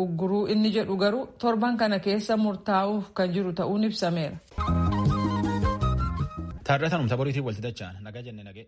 Ugguruu inni jedhu garuu torban kana keessa murtaa'uuf kan jiru ta'uun ibsameera. dacha'an nagaa jennee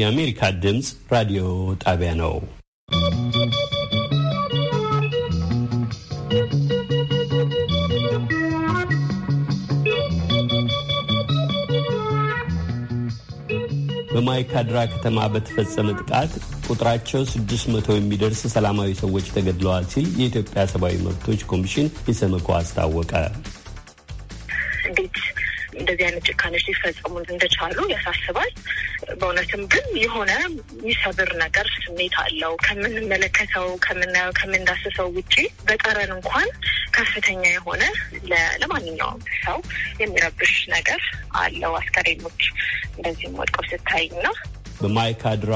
የአሜሪካ ድምፅ ራዲዮ ጣቢያ ነው። በማይካድራ ከተማ በተፈጸመ ጥቃት ቁጥራቸው 600 የሚደርስ ሰላማዊ ሰዎች ተገድለዋል ሲል የኢትዮጵያ ሰብአዊ መብቶች ኮሚሽን ኢሰመኮ አስታወቀ። እንዴት እንደዚህ አይነት ጭካኔዎች ሊፈጸሙ እንደቻሉ ያሳስባል። በእውነትም ግን የሆነ የሚሰብር ነገር ስሜት አለው። ከምንመለከተው፣ ከምናየው፣ ከምንዳስሰው ውጪ በጠረን እንኳን ከፍተኛ የሆነ ለማንኛውም ሰው የሚረብሽ ነገር አለው። አስከሬኖች እንደዚህም ወድቀው ስታይና በማይካድራ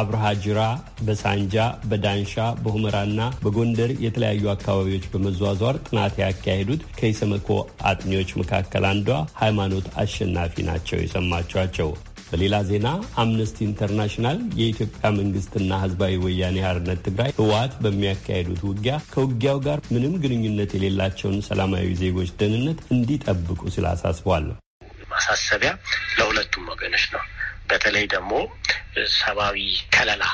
አብርሃጅራ በሳንጃ፣ በዳንሻ፣ በሁመራና በጎንደር የተለያዩ አካባቢዎች በመዟዟር ጥናት ያካሄዱት ከኢሰመኮ አጥኚዎች መካከል አንዷ ሃይማኖት አሸናፊ ናቸው የሰማችኋቸው። በሌላ ዜና አምነስቲ ኢንተርናሽናል የኢትዮጵያ መንግስትና ህዝባዊ ወያኔ ሓርነት ትግራይ ህወሓት በሚያካሄዱት ውጊያ ከውጊያው ጋር ምንም ግንኙነት የሌላቸውን ሰላማዊ ዜጎች ደህንነት እንዲጠብቁ ሲል አሳስቧል። ማሳሰቢያ ለሁለቱም ወገኖች ነው። በተለይ ደግሞ ሰብአዊ ከለላ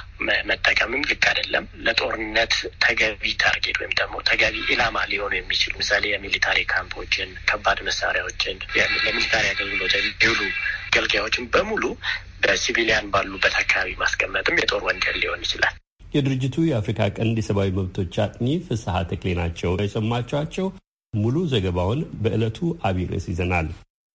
መጠቀምም ልክ አይደለም። ለጦርነት ተገቢ ታርጌት ወይም ደግሞ ተገቢ ኢላማ ሊሆኑ የሚችሉ ምሳሌ የሚሊታሪ ካምፖችን፣ ከባድ መሳሪያዎችን ለሚሊታሪ አገልግሎት የሚውሉ መገልገያዎችን በሙሉ በሲቪሊያን ባሉበት አካባቢ ማስቀመጥም የጦር ወንጀል ሊሆን ይችላል። የድርጅቱ የአፍሪካ ቀንድ የሰብአዊ መብቶች አጥኚ ፍስሐ ተክሌ ናቸው የሰማችኋቸው። ሙሉ ዘገባውን በዕለቱ አብይ ርዕስ ይዘናል።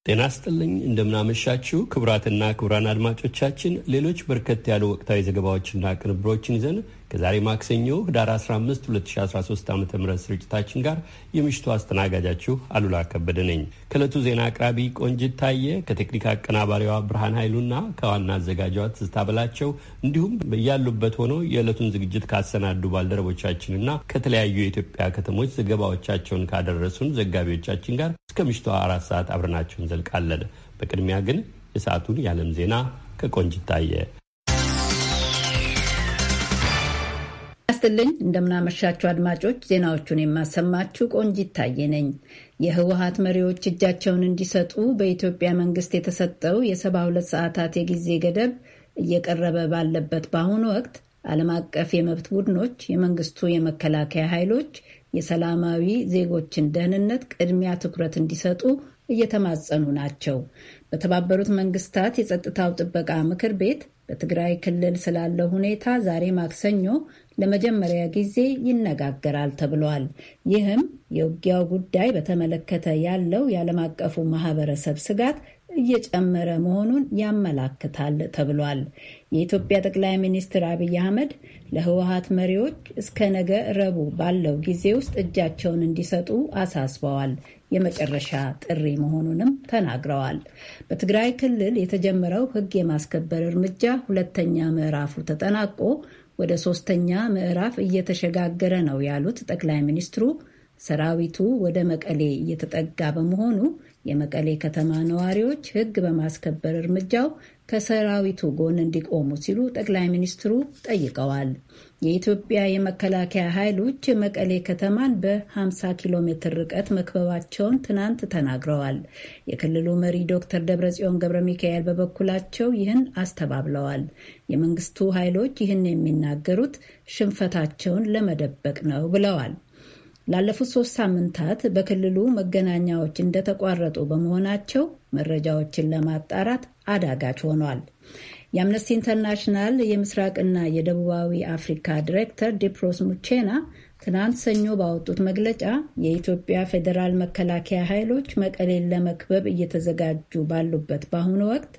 ጤና ስጥልኝ እንደምናመሻችሁ ክቡራትና ክቡራን አድማጮቻችን ሌሎች በርከት ያሉ ወቅታዊ ዘገባዎችና ቅንብሮችን ይዘን ከዛሬ ማክሰኞ ህዳር 15 2013 ዓ ም ስርጭታችን ጋር የምሽቱ አስተናጋጃችሁ አሉላ ከበደ ነኝ። ከእለቱ ዜና አቅራቢ ቆንጅት ታየ ከቴክኒክ አቀናባሪዋ ብርሃን ኃይሉና ከዋና አዘጋጇ ትዝታ በላቸው እንዲሁም ያሉበት ሆኖ የዕለቱን ዝግጅት ካሰናዱ ባልደረቦቻችንና ከተለያዩ የኢትዮጵያ ከተሞች ዘገባዎቻቸውን ካደረሱን ዘጋቢዎቻችን ጋር እስከ ምሽቱ አራት ሰዓት አብረናችሁ እንዘልቃለን። በቅድሚያ ግን የሰዓቱን የዓለም ዜና ከቆንጅት ታየ ያስትልኝ እንደምናመሻችሁ አድማጮች፣ ዜናዎቹን የማሰማችሁ ቆንጅ ይታየ ነኝ። የህወሀት መሪዎች እጃቸውን እንዲሰጡ በኢትዮጵያ መንግስት የተሰጠው የሰባ ሁለት ሰዓታት የጊዜ ገደብ እየቀረበ ባለበት በአሁኑ ወቅት ዓለም አቀፍ የመብት ቡድኖች የመንግስቱ የመከላከያ ኃይሎች የሰላማዊ ዜጎችን ደህንነት ቅድሚያ ትኩረት እንዲሰጡ እየተማጸኑ ናቸው። በተባበሩት መንግስታት የጸጥታው ጥበቃ ምክር ቤት በትግራይ ክልል ስላለው ሁኔታ ዛሬ ማክሰኞ ለመጀመሪያ ጊዜ ይነጋገራል ተብሏል። ይህም የውጊያው ጉዳይ በተመለከተ ያለው የዓለም አቀፉ ማህበረሰብ ስጋት እየጨመረ መሆኑን ያመላክታል ተብሏል። የኢትዮጵያ ጠቅላይ ሚኒስትር አብይ አህመድ ለህወሀት መሪዎች እስከ ነገ ረቡዕ ባለው ጊዜ ውስጥ እጃቸውን እንዲሰጡ አሳስበዋል። የመጨረሻ ጥሪ መሆኑንም ተናግረዋል። በትግራይ ክልል የተጀመረው ሕግ የማስከበር እርምጃ ሁለተኛ ምዕራፉ ተጠናቆ ወደ ሶስተኛ ምዕራፍ እየተሸጋገረ ነው ያሉት ጠቅላይ ሚኒስትሩ ሰራዊቱ ወደ መቀሌ እየተጠጋ በመሆኑ የመቀሌ ከተማ ነዋሪዎች ሕግ በማስከበር እርምጃው ከሰራዊቱ ጎን እንዲቆሙ ሲሉ ጠቅላይ ሚኒስትሩ ጠይቀዋል። የኢትዮጵያ የመከላከያ ኃይሎች መቀሌ ከተማን በ50 ኪሎ ሜትር ርቀት መክበባቸውን ትናንት ተናግረዋል። የክልሉ መሪ ዶክተር ደብረጽዮን ገብረ ሚካኤል በበኩላቸው ይህን አስተባብለዋል። የመንግስቱ ኃይሎች ይህን የሚናገሩት ሽንፈታቸውን ለመደበቅ ነው ብለዋል። ላለፉት ሶስት ሳምንታት በክልሉ መገናኛዎች እንደተቋረጡ በመሆናቸው መረጃዎችን ለማጣራት አዳጋች ሆኗል። የአምነስቲ ኢንተርናሽናል የምስራቅና የደቡባዊ አፍሪካ ዲሬክተር ዲፕሮስ ሙቼና ትናንት ሰኞ ባወጡት መግለጫ የኢትዮጵያ ፌዴራል መከላከያ ኃይሎች መቀሌን ለመክበብ እየተዘጋጁ ባሉበት በአሁኑ ወቅት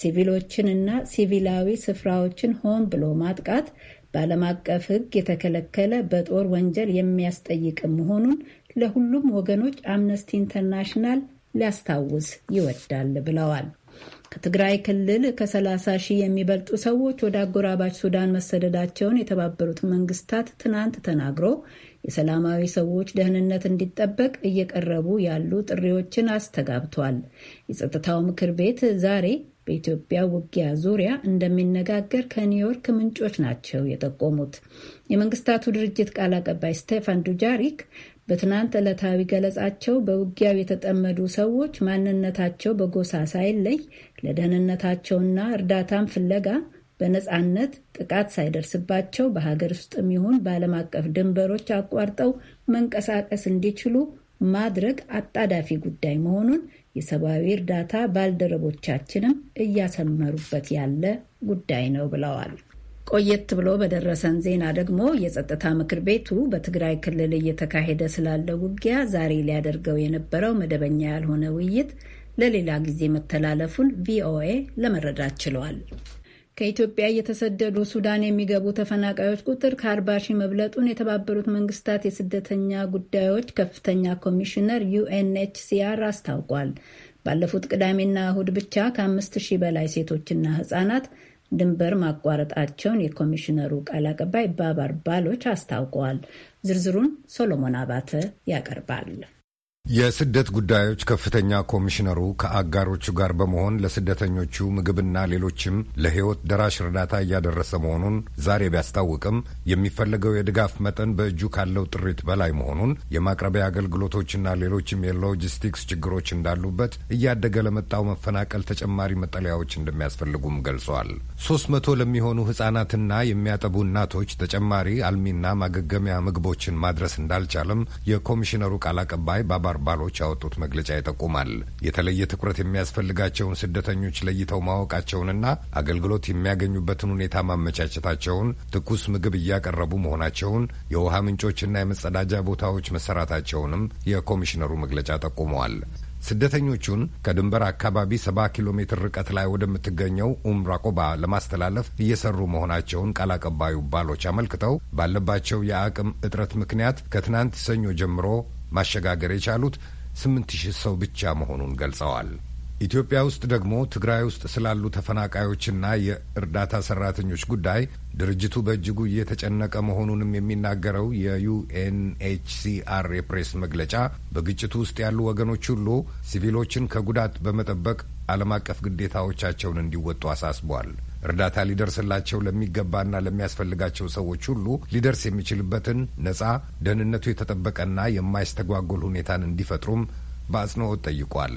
ሲቪሎችንና ሲቪላዊ ስፍራዎችን ሆን ብሎ ማጥቃት በዓለም አቀፍ ሕግ የተከለከለ በጦር ወንጀል የሚያስጠይቅ መሆኑን ለሁሉም ወገኖች አምነስቲ ኢንተርናሽናል ሊያስታውስ ይወዳል ብለዋል። ከትግራይ ክልል ከ30 ሺህ የሚበልጡ ሰዎች ወደ አጎራባች ሱዳን መሰደዳቸውን የተባበሩት መንግስታት ትናንት ተናግሮ የሰላማዊ ሰዎች ደህንነት እንዲጠበቅ እየቀረቡ ያሉ ጥሪዎችን አስተጋብቷል። የጸጥታው ምክር ቤት ዛሬ በኢትዮጵያ ውጊያ ዙሪያ እንደሚነጋገር ከኒውዮርክ ምንጮች ናቸው የጠቆሙት። የመንግስታቱ ድርጅት ቃል አቀባይ ስቴፋን ዱጃሪክ በትናንት ዕለታዊ ገለጻቸው በውጊያው የተጠመዱ ሰዎች ማንነታቸው በጎሳ ሳይለይ ለደህንነታቸውና እርዳታን ፍለጋ በነፃነት ጥቃት ሳይደርስባቸው በሀገር ውስጥም ይሁን በዓለም አቀፍ ድንበሮች አቋርጠው መንቀሳቀስ እንዲችሉ ማድረግ አጣዳፊ ጉዳይ መሆኑን የሰብአዊ እርዳታ ባልደረቦቻችንም እያሰመሩበት ያለ ጉዳይ ነው ብለዋል። ቆየት ብሎ በደረሰን ዜና ደግሞ የጸጥታ ምክር ቤቱ በትግራይ ክልል እየተካሄደ ስላለው ውጊያ ዛሬ ሊያደርገው የነበረው መደበኛ ያልሆነ ውይይት ለሌላ ጊዜ መተላለፉን ቪኦኤ ለመረዳት ችሏል። ከኢትዮጵያ እየተሰደዱ ሱዳን የሚገቡ ተፈናቃዮች ቁጥር ከአርባ ሺህ መብለጡን የተባበሩት መንግስታት የስደተኛ ጉዳዮች ከፍተኛ ኮሚሽነር ዩኤንኤችሲአር አስታውቋል። ባለፉት ቅዳሜና እሁድ ብቻ ከአምስት ሺህ በላይ ሴቶችና ህጻናት ድንበር ማቋረጣቸውን የኮሚሽነሩ ቃል አቀባይ ባባር ባሎች አስታውቀዋል። ዝርዝሩን ሶሎሞን አባተ ያቀርባል። የስደት ጉዳዮች ከፍተኛ ኮሚሽነሩ ከአጋሮቹ ጋር በመሆን ለስደተኞቹ ምግብና ሌሎችም ለሕይወት ደራሽ እርዳታ እያደረሰ መሆኑን ዛሬ ቢያስታውቅም የሚፈለገው የድጋፍ መጠን በእጁ ካለው ጥሪት በላይ መሆኑን፣ የማቅረቢያ አገልግሎቶችና ሌሎችም የሎጂስቲክስ ችግሮች እንዳሉበት፣ እያደገ ለመጣው መፈናቀል ተጨማሪ መጠለያዎች እንደሚያስፈልጉም ገልጿል። ሶስት መቶ ለሚሆኑ ህጻናትና የሚያጠቡ እናቶች ተጨማሪ አልሚና ማገገሚያ ምግቦችን ማድረስ እንዳልቻለም የኮሚሽነሩ ቃል አቀባይ ባባ ባሎች ያወጡት መግለጫ ይጠቁማል። የተለየ ትኩረት የሚያስፈልጋቸውን ስደተኞች ለይተው ማወቃቸውንና አገልግሎት የሚያገኙበትን ሁኔታ ማመቻቸታቸውን፣ ትኩስ ምግብ እያቀረቡ መሆናቸውን፣ የውሃ ምንጮችና የመጸዳጃ ቦታዎች መሰራታቸውንም የኮሚሽነሩ መግለጫ ጠቁመዋል። ስደተኞቹን ከድንበር አካባቢ ሰባ ኪሎ ሜትር ርቀት ላይ ወደምትገኘው ኡምራቆባ ለማስተላለፍ እየሰሩ መሆናቸውን ቃል አቀባዩ ባሎች አመልክተው ባለባቸው የአቅም እጥረት ምክንያት ከትናንት ሰኞ ጀምሮ ማሸጋገር የቻሉት ስምንት ሺህ ሰው ብቻ መሆኑን ገልጸዋል። ኢትዮጵያ ውስጥ ደግሞ ትግራይ ውስጥ ስላሉ ተፈናቃዮችና የእርዳታ ሰራተኞች ጉዳይ ድርጅቱ በእጅጉ እየተጨነቀ መሆኑንም የሚናገረው የዩኤንኤችሲአር የፕሬስ መግለጫ በግጭቱ ውስጥ ያሉ ወገኖች ሁሉ ሲቪሎችን ከጉዳት በመጠበቅ ዓለም አቀፍ ግዴታዎቻቸውን እንዲወጡ አሳስቧል። እርዳታ ሊደርስላቸው ለሚገባና ለሚያስፈልጋቸው ሰዎች ሁሉ ሊደርስ የሚችልበትን ነጻ፣ ደህንነቱ የተጠበቀና የማይስተጓጎል ሁኔታን እንዲፈጥሩም በአጽንኦት ጠይቋል።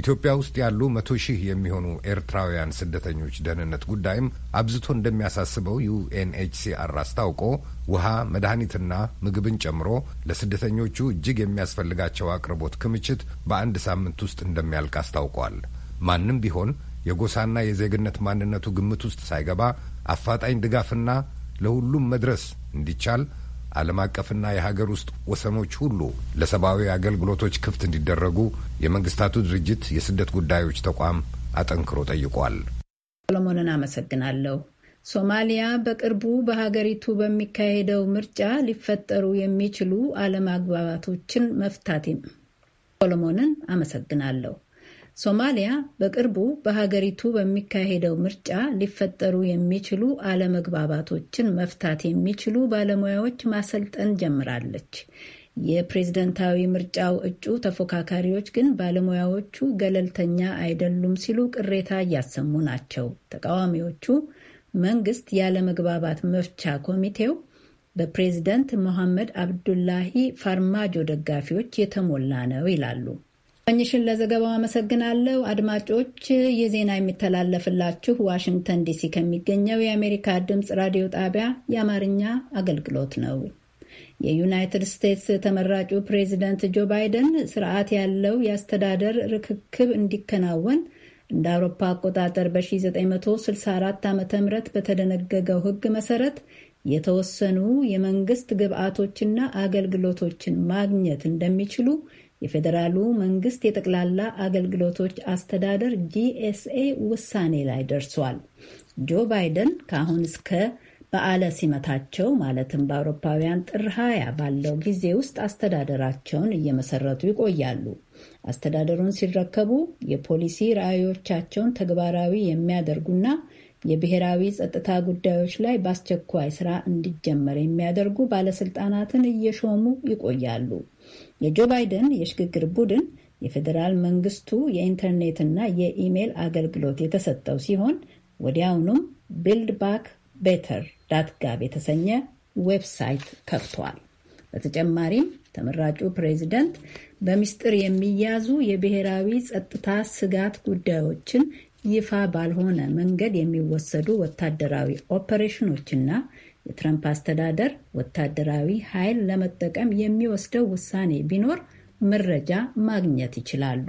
ኢትዮጵያ ውስጥ ያሉ መቶ ሺህ የሚሆኑ ኤርትራውያን ስደተኞች ደህንነት ጉዳይም አብዝቶ እንደሚያሳስበው ዩኤንኤችሲአር አስታውቆ ውሃ፣ መድኃኒትና ምግብን ጨምሮ ለስደተኞቹ እጅግ የሚያስፈልጋቸው አቅርቦት ክምችት በአንድ ሳምንት ውስጥ እንደሚያልቅ አስታውቋል። ማንም ቢሆን የጎሳና የዜግነት ማንነቱ ግምት ውስጥ ሳይገባ አፋጣኝ ድጋፍና ለሁሉም መድረስ እንዲቻል ዓለም አቀፍና የሀገር ውስጥ ወሰኖች ሁሉ ለሰብአዊ አገልግሎቶች ክፍት እንዲደረጉ የመንግስታቱ ድርጅት የስደት ጉዳዮች ተቋም አጠንክሮ ጠይቋል። ሰሎሞንን አመሰግናለሁ። ሶማሊያ በቅርቡ በሀገሪቱ በሚካሄደው ምርጫ ሊፈጠሩ የሚችሉ አለመግባባቶችን መፍታትም ሰሎሞንን አመሰግናለሁ። ሶማሊያ በቅርቡ በሀገሪቱ በሚካሄደው ምርጫ ሊፈጠሩ የሚችሉ አለመግባባቶችን መፍታት የሚችሉ ባለሙያዎች ማሰልጠን ጀምራለች። የፕሬዝደንታዊ ምርጫው እጩ ተፎካካሪዎች ግን ባለሙያዎቹ ገለልተኛ አይደሉም ሲሉ ቅሬታ እያሰሙ ናቸው። ተቃዋሚዎቹ መንግስት ያለመግባባት መፍቻ ኮሚቴው በፕሬዝደንት መሐመድ አብዱላሂ ፋርማጆ ደጋፊዎች የተሞላ ነው ይላሉ። ቀኝሽን ለዘገባው አመሰግናለሁ። አድማጮች ይህ ዜና የሚተላለፍላችሁ ዋሽንግተን ዲሲ ከሚገኘው የአሜሪካ ድምፅ ራዲዮ ጣቢያ የአማርኛ አገልግሎት ነው። የዩናይትድ ስቴትስ ተመራጩ ፕሬዚደንት ጆ ባይደን ስርዓት ያለው የአስተዳደር ርክክብ እንዲከናወን እንደ አውሮፓ አቆጣጠር በ1964 ዓ ም በተደነገገው ሕግ መሰረት የተወሰኑ የመንግስት ግብዓቶችና አገልግሎቶችን ማግኘት እንደሚችሉ የፌዴራሉ መንግስት የጠቅላላ አገልግሎቶች አስተዳደር ጂኤስኤ ውሳኔ ላይ ደርሷል። ጆ ባይደን ከአሁን እስከ በዓለ ሲመታቸው ማለትም በአውሮፓውያን ጥር 20 ባለው ጊዜ ውስጥ አስተዳደራቸውን እየመሰረቱ ይቆያሉ። አስተዳደሩን ሲረከቡ የፖሊሲ ራዕዮቻቸውን ተግባራዊ የሚያደርጉና የብሔራዊ ጸጥታ ጉዳዮች ላይ በአስቸኳይ ስራ እንዲጀመር የሚያደርጉ ባለስልጣናትን እየሾሙ ይቆያሉ። የጆ ባይደን የሽግግር ቡድን የፌዴራል መንግስቱ የኢንተርኔትና የኢሜል አገልግሎት የተሰጠው ሲሆን ወዲያውኑም ቢልድ ባክ ቤተር ዳት ጋብ የተሰኘ ዌብሳይት ከፍቷል። በተጨማሪም ተመራጩ ፕሬዚደንት በሚስጥር የሚያዙ የብሔራዊ ጸጥታ ስጋት ጉዳዮችን ይፋ ባልሆነ መንገድ የሚወሰዱ ወታደራዊ ኦፐሬሽኖችና የትረምፕ አስተዳደር ወታደራዊ ኃይል ለመጠቀም የሚወስደው ውሳኔ ቢኖር መረጃ ማግኘት ይችላሉ።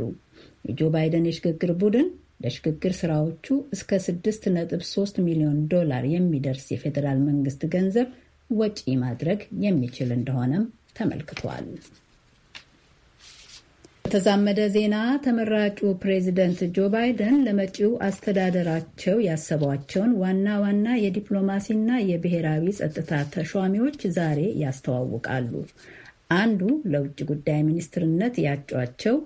የጆ ባይደን የሽግግር ቡድን ለሽግግር ስራዎቹ እስከ 6.3 ሚሊዮን ዶላር የሚደርስ የፌዴራል መንግስት ገንዘብ ወጪ ማድረግ የሚችል እንደሆነም ተመልክቷል። በተዛመደ ዜና ተመራጩ ፕሬዚደንት ጆ ባይደን ለመጪው አስተዳደራቸው ያሰቧቸውን ዋና ዋና የዲፕሎማሲና የብሔራዊ ጸጥታ ተሿሚዎች ዛሬ ያስተዋውቃሉ። አንዱ ለውጭ ጉዳይ ሚኒስትርነት ያጯቸው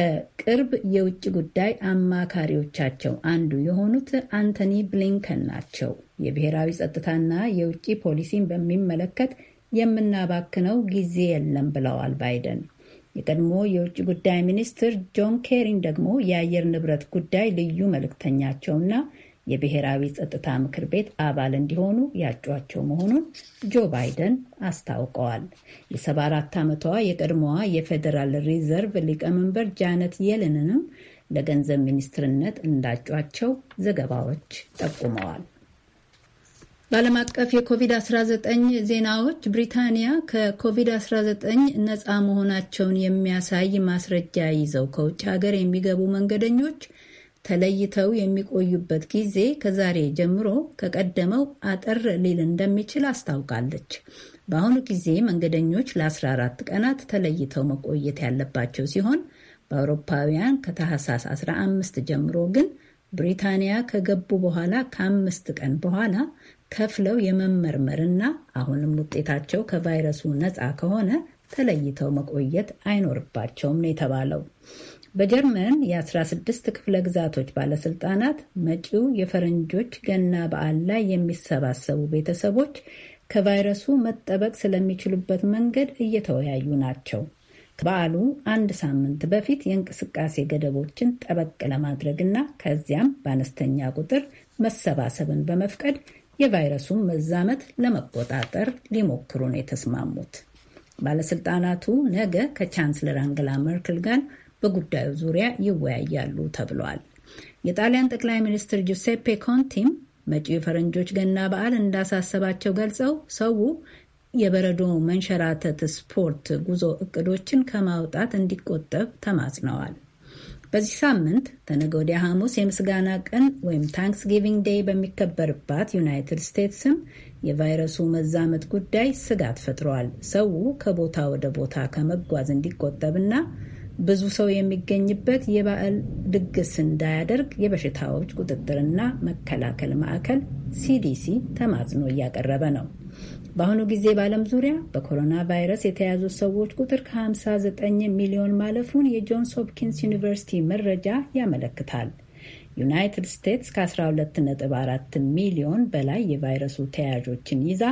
ከቅርብ የውጭ ጉዳይ አማካሪዎቻቸው አንዱ የሆኑት አንቶኒ ብሊንከን ናቸው። የብሔራዊ ጸጥታና የውጭ ፖሊሲን በሚመለከት የምናባክነው ጊዜ የለም ብለዋል ባይደን የቀድሞ የውጭ ጉዳይ ሚኒስትር ጆን ኬሪን ደግሞ የአየር ንብረት ጉዳይ ልዩ መልእክተኛቸውና የብሔራዊ ጸጥታ ምክር ቤት አባል እንዲሆኑ ያጯቸው መሆኑን ጆ ባይደን አስታውቀዋል። የ74 ዓመቷ የቀድሞዋ የፌዴራል ሪዘርቭ ሊቀመንበር ጃነት የለንንም ለገንዘብ ሚኒስትርነት እንዳጯቸው ዘገባዎች ጠቁመዋል። በዓለም አቀፍ የኮቪድ-19 ዜናዎች ብሪታንያ ከኮቪድ-19 ነፃ መሆናቸውን የሚያሳይ ማስረጃ ይዘው ከውጭ ሀገር የሚገቡ መንገደኞች ተለይተው የሚቆዩበት ጊዜ ከዛሬ ጀምሮ ከቀደመው አጠር ሊል እንደሚችል አስታውቃለች። በአሁኑ ጊዜ መንገደኞች ለ14 ቀናት ተለይተው መቆየት ያለባቸው ሲሆን በአውሮፓውያን ከታህሳስ 15 ጀምሮ ግን ብሪታንያ ከገቡ በኋላ ከአምስት ቀን በኋላ ከፍለው የመመርመርና አሁንም ውጤታቸው ከቫይረሱ ነፃ ከሆነ ተለይተው መቆየት አይኖርባቸውም ነው የተባለው። በጀርመን የ16 ክፍለ ግዛቶች ባለስልጣናት መጪው የፈረንጆች ገና በዓል ላይ የሚሰባሰቡ ቤተሰቦች ከቫይረሱ መጠበቅ ስለሚችሉበት መንገድ እየተወያዩ ናቸው። ከበዓሉ አንድ ሳምንት በፊት የእንቅስቃሴ ገደቦችን ጠበቅ ለማድረግና ከዚያም በአነስተኛ ቁጥር መሰባሰብን በመፍቀድ የቫይረሱን መዛመት ለመቆጣጠር ሊሞክሩ ነው የተስማሙት። ባለስልጣናቱ ነገ ከቻንስለር አንገላ መርክል ጋር በጉዳዩ ዙሪያ ይወያያሉ ተብሏል። የጣሊያን ጠቅላይ ሚኒስትር ጁሴፔ ኮንቲም መጪው የፈረንጆች ገና በዓል እንዳሳሰባቸው ገልጸው ሰው የበረዶ መንሸራተት ስፖርት ጉዞ እቅዶችን ከማውጣት እንዲቆጠብ ተማጽነዋል። በዚህ ሳምንት ከነገ ወዲያ ሐሙስ የምስጋና ቀን ወይም ታንክስጊቪንግ ዴይ በሚከበርባት ዩናይትድ ስቴትስም የቫይረሱ መዛመት ጉዳይ ስጋት ፈጥሯል። ሰው ከቦታ ወደ ቦታ ከመጓዝ እንዲቆጠብና ብዙ ሰው የሚገኝበት የበዓል ድግስ እንዳያደርግ የበሽታዎች ቁጥጥርና መከላከል ማዕከል ሲዲሲ ተማጽኖ እያቀረበ ነው። በአሁኑ ጊዜ በዓለም ዙሪያ በኮሮና ቫይረስ የተያዙ ሰዎች ቁጥር ከ59 ሚሊዮን ማለፉን የጆንስ ሆፕኪንስ ዩኒቨርሲቲ መረጃ ያመለክታል። ዩናይትድ ስቴትስ ከ12.4 ሚሊዮን በላይ የቫይረሱ ተያዦችን ይዛ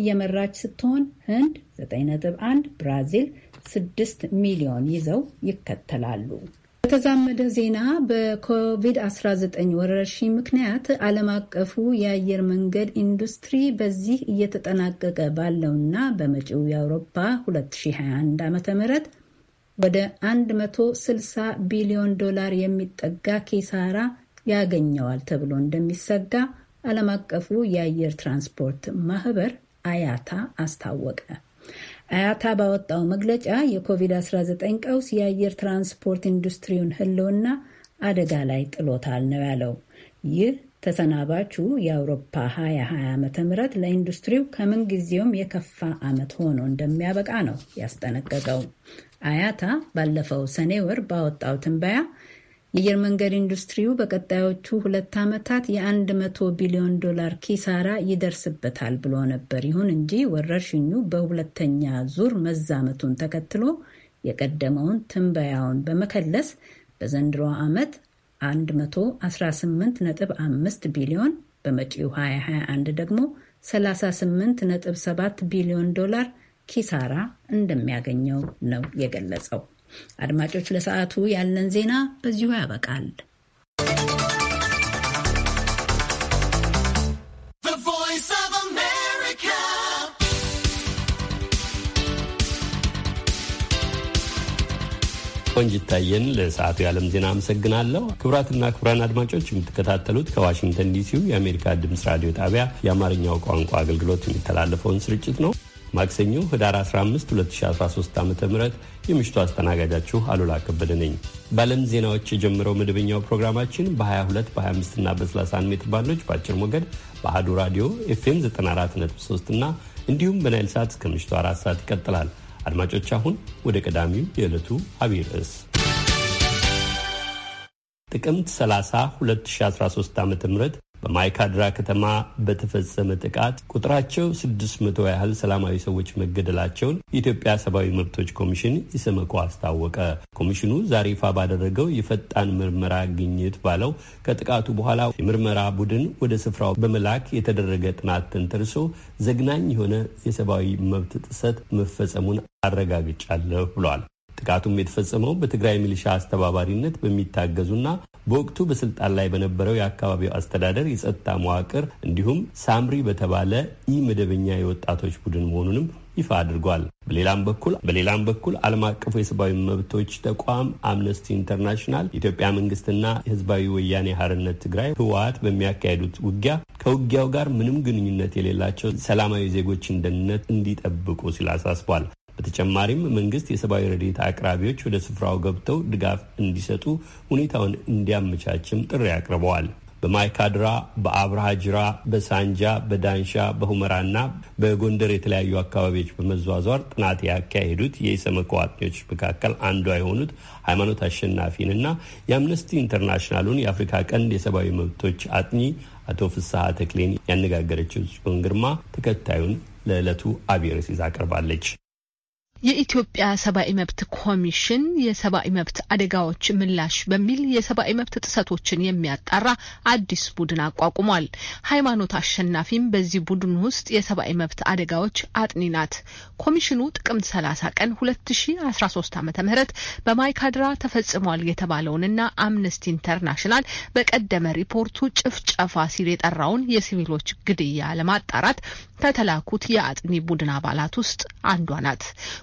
እየመራች ስትሆን ህንድ 9.1፣ ብራዚል 6 ሚሊዮን ይዘው ይከተላሉ። በተዛመደ ዜና በኮቪድ-19 ወረርሽኝ ምክንያት ዓለም አቀፉ የአየር መንገድ ኢንዱስትሪ በዚህ እየተጠናቀቀ ባለውና በመጪው የአውሮፓ 2021 ዓ.ም ወደ 160 ቢሊዮን ዶላር የሚጠጋ ኪሳራ ያገኘዋል ተብሎ እንደሚሰጋ ዓለም አቀፉ የአየር ትራንስፖርት ማህበር አያታ አስታወቀ። አያታ ባወጣው መግለጫ የኮቪድ-19 ቀውስ የአየር ትራንስፖርት ኢንዱስትሪውን ሕልውና አደጋ ላይ ጥሎታል ነው ያለው። ይህ ተሰናባቹ የአውሮፓ 2020 ዓ.ም ለኢንዱስትሪው ከምንጊዜውም የከፋ ዓመት ሆኖ እንደሚያበቃ ነው ያስጠነቀቀው። አያታ ባለፈው ሰኔ ወር ባወጣው ትንበያ የአየር መንገድ ኢንዱስትሪው በቀጣዮቹ ሁለት ዓመታት የአንድ መቶ ቢሊዮን ዶላር ኪሳራ ይደርስበታል ብሎ ነበር። ይሁን እንጂ ወረርሽኙ በሁለተኛ ዙር መዛመቱን ተከትሎ የቀደመውን ትንበያውን በመከለስ በዘንድሮ ዓመት 118.5 ቢሊዮን በመጪው 2021 ደግሞ 38.7 ቢሊዮን ዶላር ኪሳራ እንደሚያገኘው ነው የገለጸው። አድማጮች፣ ለሰዓቱ ያለን ዜና በዚሁ ያበቃል። ቆንጅታየን ለሰዓቱ የዓለም ዜና አመሰግናለሁ። ክቡራትና ክቡራን አድማጮች የምትከታተሉት ከዋሽንግተን ዲሲው የአሜሪካ ድምፅ ራዲዮ ጣቢያ የአማርኛው ቋንቋ አገልግሎት የሚተላለፈውን ስርጭት ነው። ማክሰኞ ህዳር 15 2013 ዓ ም የምሽቱ አስተናጋጃችሁ አሉላ ከበደ ነኝ። በዓለም ዜናዎች የጀመረው መደበኛው ፕሮግራማችን በ22 በ25 እና በ31 ሜትር ባንዶች በአጭር ሞገድ በአህዱ ራዲዮ ኤፍኤም 943 እና እንዲሁም በናይል ሰዓት እስከ ምሽቱ አራት ሰዓት ይቀጥላል። አድማጮች አሁን ወደ ቀዳሚው የዕለቱ አብይ ርዕስ ጥቅምት 30 2013 ዓ ም በማይካድራ ከተማ በተፈጸመ ጥቃት ቁጥራቸው 600 ያህል ሰላማዊ ሰዎች መገደላቸውን የኢትዮጵያ ሰብአዊ መብቶች ኮሚሽን ኢሰመኮ አስታወቀ። ኮሚሽኑ ዛሬ ይፋ ባደረገው የፈጣን ምርመራ ግኝት ባለው ከጥቃቱ በኋላ የምርመራ ቡድን ወደ ስፍራው በመላክ የተደረገ ጥናት ተንተርሶ ዘግናኝ የሆነ የሰብአዊ መብት ጥሰት መፈጸሙን አረጋግጫለሁ ብሏል። ጥቃቱም የተፈጸመው በትግራይ ሚሊሻ አስተባባሪነት በሚታገዙና በወቅቱ በስልጣን ላይ በነበረው የአካባቢው አስተዳደር የጸጥታ መዋቅር እንዲሁም ሳምሪ በተባለ ኢ መደበኛ የወጣቶች ቡድን መሆኑንም ይፋ አድርጓል። በሌላም በኩል በሌላም በኩል ዓለም አቀፉ የሰብአዊ መብቶች ተቋም አምነስቲ ኢንተርናሽናል የኢትዮጵያ መንግስትና ህዝባዊ ወያኔ ሀርነት ትግራይ ህወሀት በሚያካሄዱት ውጊያ ከውጊያው ጋር ምንም ግንኙነት የሌላቸው ሰላማዊ ዜጎችን ደህንነት እንዲጠብቁ ሲል አሳስቧል። በተጨማሪም መንግስት የሰብአዊ ረድኤት አቅራቢዎች ወደ ስፍራው ገብተው ድጋፍ እንዲሰጡ ሁኔታውን እንዲያመቻችም ጥሪ አቅርበዋል። በማይካድራ፣ በአብርሃጅራ፣ በሳንጃ፣ በዳንሻ፣ በሁመራና በጎንደር የተለያዩ አካባቢዎች በመዟዟር ጥናት ያካሄዱት የኢሰመኮ አጥኚዎች መካከል አንዷ የሆኑት ሃይማኖት አሸናፊንና የአምነስቲ ኢንተርናሽናሉን የአፍሪካ ቀንድ የሰብአዊ መብቶች አጥኚ አቶ ፍስሐ ተክሌን ያነጋገረችው ጽዮን ግርማ ተከታዩን ለዕለቱ አብይ ርዕስ ይዛ ቀርባለች። የኢትዮጵያ ሰብአዊ መብት ኮሚሽን የሰብአዊ መብት አደጋዎች ምላሽ በሚል የሰብአዊ መብት ጥሰቶችን የሚያጣራ አዲስ ቡድን አቋቁሟል። ሃይማኖት አሸናፊም በዚህ ቡድን ውስጥ የሰብአዊ መብት አደጋዎች አጥኒ ናት። ኮሚሽኑ ጥቅምት 30 ቀን 2013 ዓ ም በማይካድራ ተፈጽሟል የተባለውንና አምነስቲ ኢንተርናሽናል በቀደመ ሪፖርቱ ጭፍጨፋ ሲል የጠራውን የሲቪሎች ግድያ ለማጣራት ከተላኩት የአጥኒ ቡድን አባላት ውስጥ አንዷ ናት።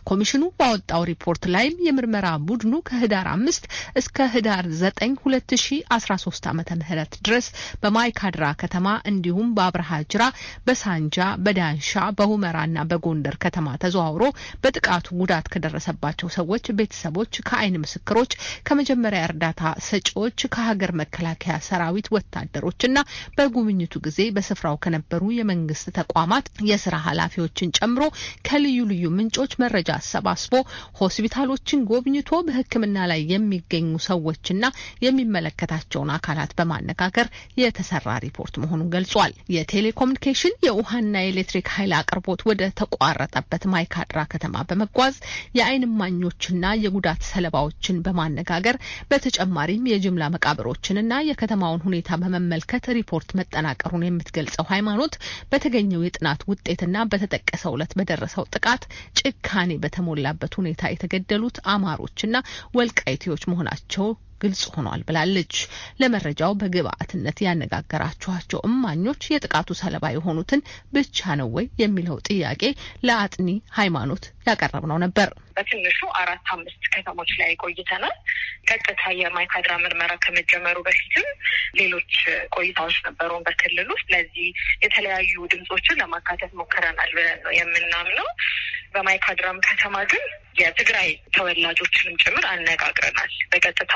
ኮሚሽኑ ባወጣው ሪፖርት ላይም የምርመራ ቡድኑ ከህዳር አምስት እስከ ህዳር ዘጠኝ ሁለት ሺ አስራ ሶስት አመተ ምህረት ድረስ በማይካድራ ከተማ እንዲሁም በአብርሃ ጅራ፣ በሳንጃ፣ በዳንሻ፣ በሁመራና በጎንደር ከተማ ተዘዋውሮ በጥቃቱ ጉዳት ከደረሰባቸው ሰዎች ቤተሰቦች፣ ከአይን ምስክሮች፣ ከመጀመሪያ እርዳታ ሰጪዎች፣ ከሀገር መከላከያ ሰራዊት ወታደሮች እና በጉብኝቱ ጊዜ በስፍራው ከነበሩ የመንግስት ተቋማት የስራ ኃላፊዎችን ጨምሮ ከልዩ ልዩ ምንጮች መረጃ አሰባስቦ ሆስፒታሎችን ጎብኝቶ በሕክምና ላይ የሚገኙ ሰዎችና የሚመለከታቸውን አካላት በማነጋገር የተሰራ ሪፖርት መሆኑን ገልጿል። የቴሌኮሙኒኬሽን የውሃና የኤሌክትሪክ ኃይል አቅርቦት ወደ ተቋረጠበት ማይካድራ ከተማ በመጓዝ የዓይን እማኞችና የጉዳት ሰለባዎችን በማነጋገር በተጨማሪም የጅምላ መቃብሮችንና የከተማውን ሁኔታ በመመልከት ሪፖርት መጠናቀሩን የምትገልጸው ሃይማኖት በተገኘው የጥናት ጥናት ውጤትና በተጠቀሰው ዕለት በደረሰው ጥቃት ጭካኔ በተሞላበት ሁኔታ የተገደሉት አማሮችና ወልቃይቴዎች መሆናቸው ግልጽ ሆኗል ብላለች። ለመረጃው በግብአትነት ያነጋገራችኋቸው እማኞች የጥቃቱ ሰለባ የሆኑትን ብቻ ነው ወይ የሚለው ጥያቄ ለአጥኒ ሃይማኖት ያቀረብነው ነበር። በትንሹ አራት አምስት ከተሞች ላይ ቆይተናል። ቀጥታ የማይካድራ ምርመራ ከመጀመሩ በፊትም ሌሎች ቆይታዎች ነበሩን በክልል ውስጥ። ለዚህ የተለያዩ ድምጾችን ለማካተት ሞክረናል ብለን ነው የምናምነው። በማይካድራም ከተማ ግን የትግራይ ተወላጆችንም ጭምር አነጋግረናል። በቀጥታ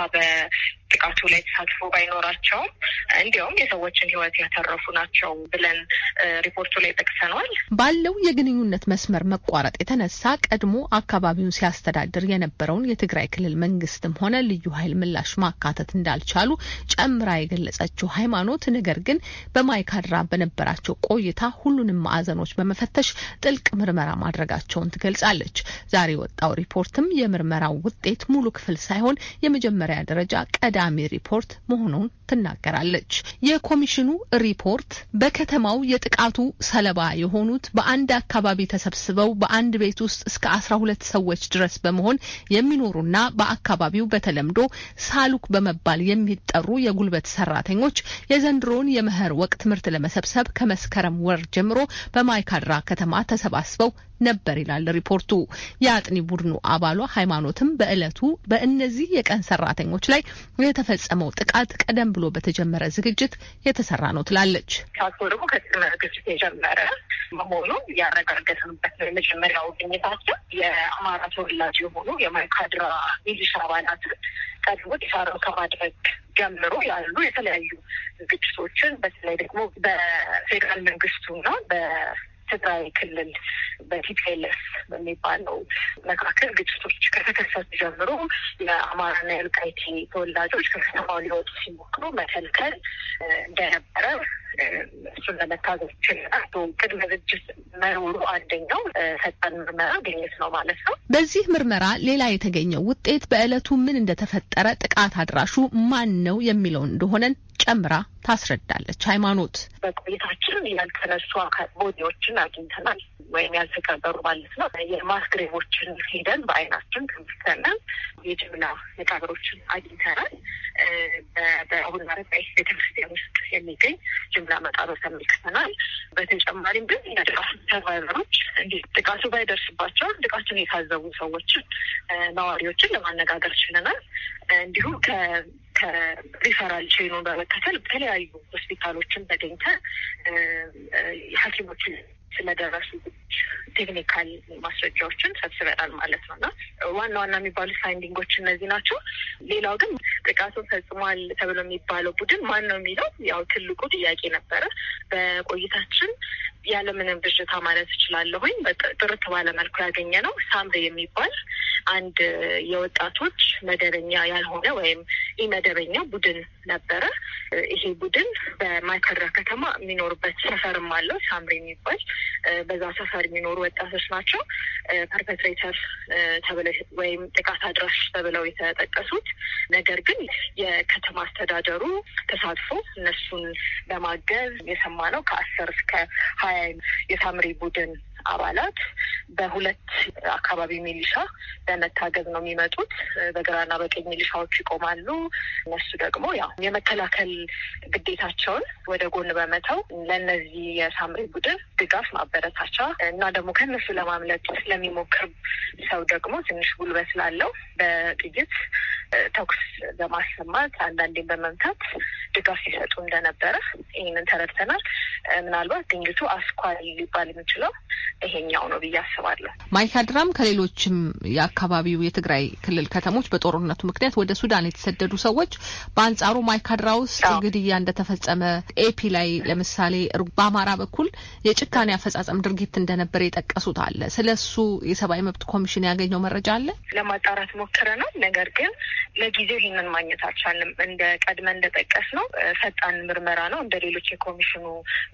ጥቃቱ ላይ ተሳትፎ ባይኖራቸውም እንዲያውም የሰዎችን ህይወት ያተረፉ ናቸው ብለን ሪፖርቱ ላይ ጠቅሰነዋል። ባለው የግንኙነት መስመር መቋረጥ የተነሳ ቀድሞ አካባቢውን ሲያስተዳድር የነበረውን የትግራይ ክልል መንግስትም ሆነ ልዩ ኃይል ምላሽ ማካተት እንዳልቻሉ ጨምራ የገለጸችው ሃይማኖት፣ ነገር ግን በማይካድራ በነበራቸው ቆይታ ሁሉንም ማዕዘኖች በመፈተሽ ጥልቅ ምርመራ ማድረጋቸውን ትገልጻለች። ዛሬ የወጣው ሪፖርትም የምርመራው ውጤት ሙሉ ክፍል ሳይሆን የመጀመሪያ ደረጃ ቀዳ ቀዳሚ ሪፖርት መሆኑን ትናገራለች። የኮሚሽኑ ሪፖርት በከተማው የጥቃቱ ሰለባ የሆኑት በአንድ አካባቢ ተሰብስበው በአንድ ቤት ውስጥ እስከ አስራ ሁለት ሰዎች ድረስ በመሆን የሚኖሩና በአካባቢው በተለምዶ ሳሉክ በመባል የሚጠሩ የጉልበት ሰራተኞች የዘንድሮውን የመኸር ወቅት ምርት ለመሰብሰብ ከመስከረም ወር ጀምሮ በማይካድራ ከተማ ተሰባስበው ነበር ይላል ሪፖርቱ። የአጥኒ ቡድኑ አባሏ ሃይማኖትም በእለቱ በእነዚህ የቀን ሰራተኞች ላይ የተፈጸመው ጥቃት ቀደም ብሎ በተጀመረ ዝግጅት የተሰራ ነው ትላለች። ደግሞ ከቅድመ ዝግጅት የጀመረ መሆኑን ያረጋገጥንበት ነው። የመጀመሪያው ግኝታቸው የአማራ ተወላጅ የሆኑ የማይካድራ ሚሊሻ አባላትን ቀድሞ ዲሳራ ከማድረግ ጀምሮ ያሉ የተለያዩ ዝግጅቶችን በተለይ ደግሞ በፌዴራል መንግስቱና ትግራይ ክልል በቲፒኤልኤፍ በሚባለው መካከል ግጭቶች ከተከሰቱ ጀምሮ የአማራና የወልቃይት ተወላጆች ከከተማው ሊወጡ ሲሞክሩ መከልከል እንደነበረ እሱን ለመታዘብ ችለናል። ቅድመ ዝግጅት መኖሩ አንደኛው ፈጣን ምርመራ ግኝት ነው ማለት ነው። በዚህ ምርመራ ሌላ የተገኘው ውጤት በእለቱ ምን እንደተፈጠረ ጥቃት አድራሹ ማን ነው የሚለውን እንደሆነን ጨምራ ታስረዳለች። ሃይማኖት በቆይታችን ያልተነሱ ቦዲዎችን አግኝተናል ወይም ያልተቀበሩ ማለት ነው። የማስግሬቦችን ሄደን በአይናችን ተመልክተናል። የጅምላ መቃብሮችን አግኝተናል። በአሁን ማለት ቤተክርስቲያን ውስጥ የሚገኝ ጅምላ መቃብር ተመልክተናል። በተጨማሪም ግን የጥቃቱ ሰርቫይቨሮች እንዲህ ጥቃቱ ባይደርስባቸውን ጥቃቱን የታዘቡ ሰዎችን ነዋሪዎችን ለማነጋገር ችለናል። እንዲሁም ከሪፈራል ቼኑን በመከተል በተለያዩ ሆስፒታሎችን ተገኝተ ሐኪሞችን ስለደረሱ ቴክኒካል ማስረጃዎችን ሰብስበናል ማለት ነው እና ዋና ዋና የሚባሉት ፋይንዲንጎች እነዚህ ናቸው። ሌላው ግን ጥቃቱን ፈጽሟል ተብሎ የሚባለው ቡድን ማን ነው የሚለው ያው ትልቁ ጥያቄ ነበረ። በቆይታችን ያለምንም ብዥታ ማለት እችላለሁኝ። ጥርት ባለ መልኩ ያገኘ ነው። ሳምሪ የሚባል አንድ የወጣቶች መደበኛ ያልሆነ ወይም ኢመደበኛ ቡድን ነበረ። ይሄ ቡድን በማይከራ ከተማ የሚኖሩበት ሰፈርም አለው ሳምሪ የሚባል በዛ ሰፈር የሚኖሩ ወጣቶች ናቸው። ፐርፔትሬተር ተብለው ወይም ጥቃት አድራሽ ተብለው የተጠቀሱት ነገር ግን የከተማ አስተዳደሩ ተሳትፎ እነሱን በማገዝ የሰማ ነው ከአስር እስከ ሀያ የሳምሪ ቡድን አባላት በሁለት አካባቢ ሚሊሻ ለመታገዝ ነው የሚመጡት። በግራና በቀኝ ሚሊሻዎች ይቆማሉ። እነሱ ደግሞ ያው የመከላከል ግዴታቸውን ወደ ጎን በመተው ለእነዚህ የሳምሪ ቡድን ድጋፍ ማበረታቻ እና ደግሞ ከእነሱ ለማምለጥ ለሚሞክር ሰው ደግሞ ትንሽ ጉልበት ስላለው በጥይት ተኩስ በማሰማት አንዳንዴም በመምታት ድጋፍ ሲሰጡ እንደነበረ ይህንን ተረድተናል። ምናልባት ድንግቱ አስኳል ሊባል የሚችለው ይሄኛው ነው ብዬ አስባለሁ። ማይካድራም ከሌሎችም የአካባቢው የትግራይ ክልል ከተሞች በጦርነቱ ምክንያት ወደ ሱዳን የተሰደዱ ሰዎች በአንጻሩ ማይካድራ ውስጥ ግድያ እንደተፈጸመ ኤፒ ላይ ለምሳሌ በአማራ በኩል የጭካኔ አፈጻጸም ድርጊት እንደነበረ የጠቀሱት አለ። ስለ እሱ የሰብአዊ መብት ኮሚሽን ያገኘው መረጃ አለ ለማጣራት ሞክረናል። ነገር ግን ለጊዜው ይህንን ማግኘት አልቻለም። እንደ ቀድመ እንደጠቀስ ነው ፈጣን ምርመራ ነው። እንደ ሌሎች የኮሚሽኑ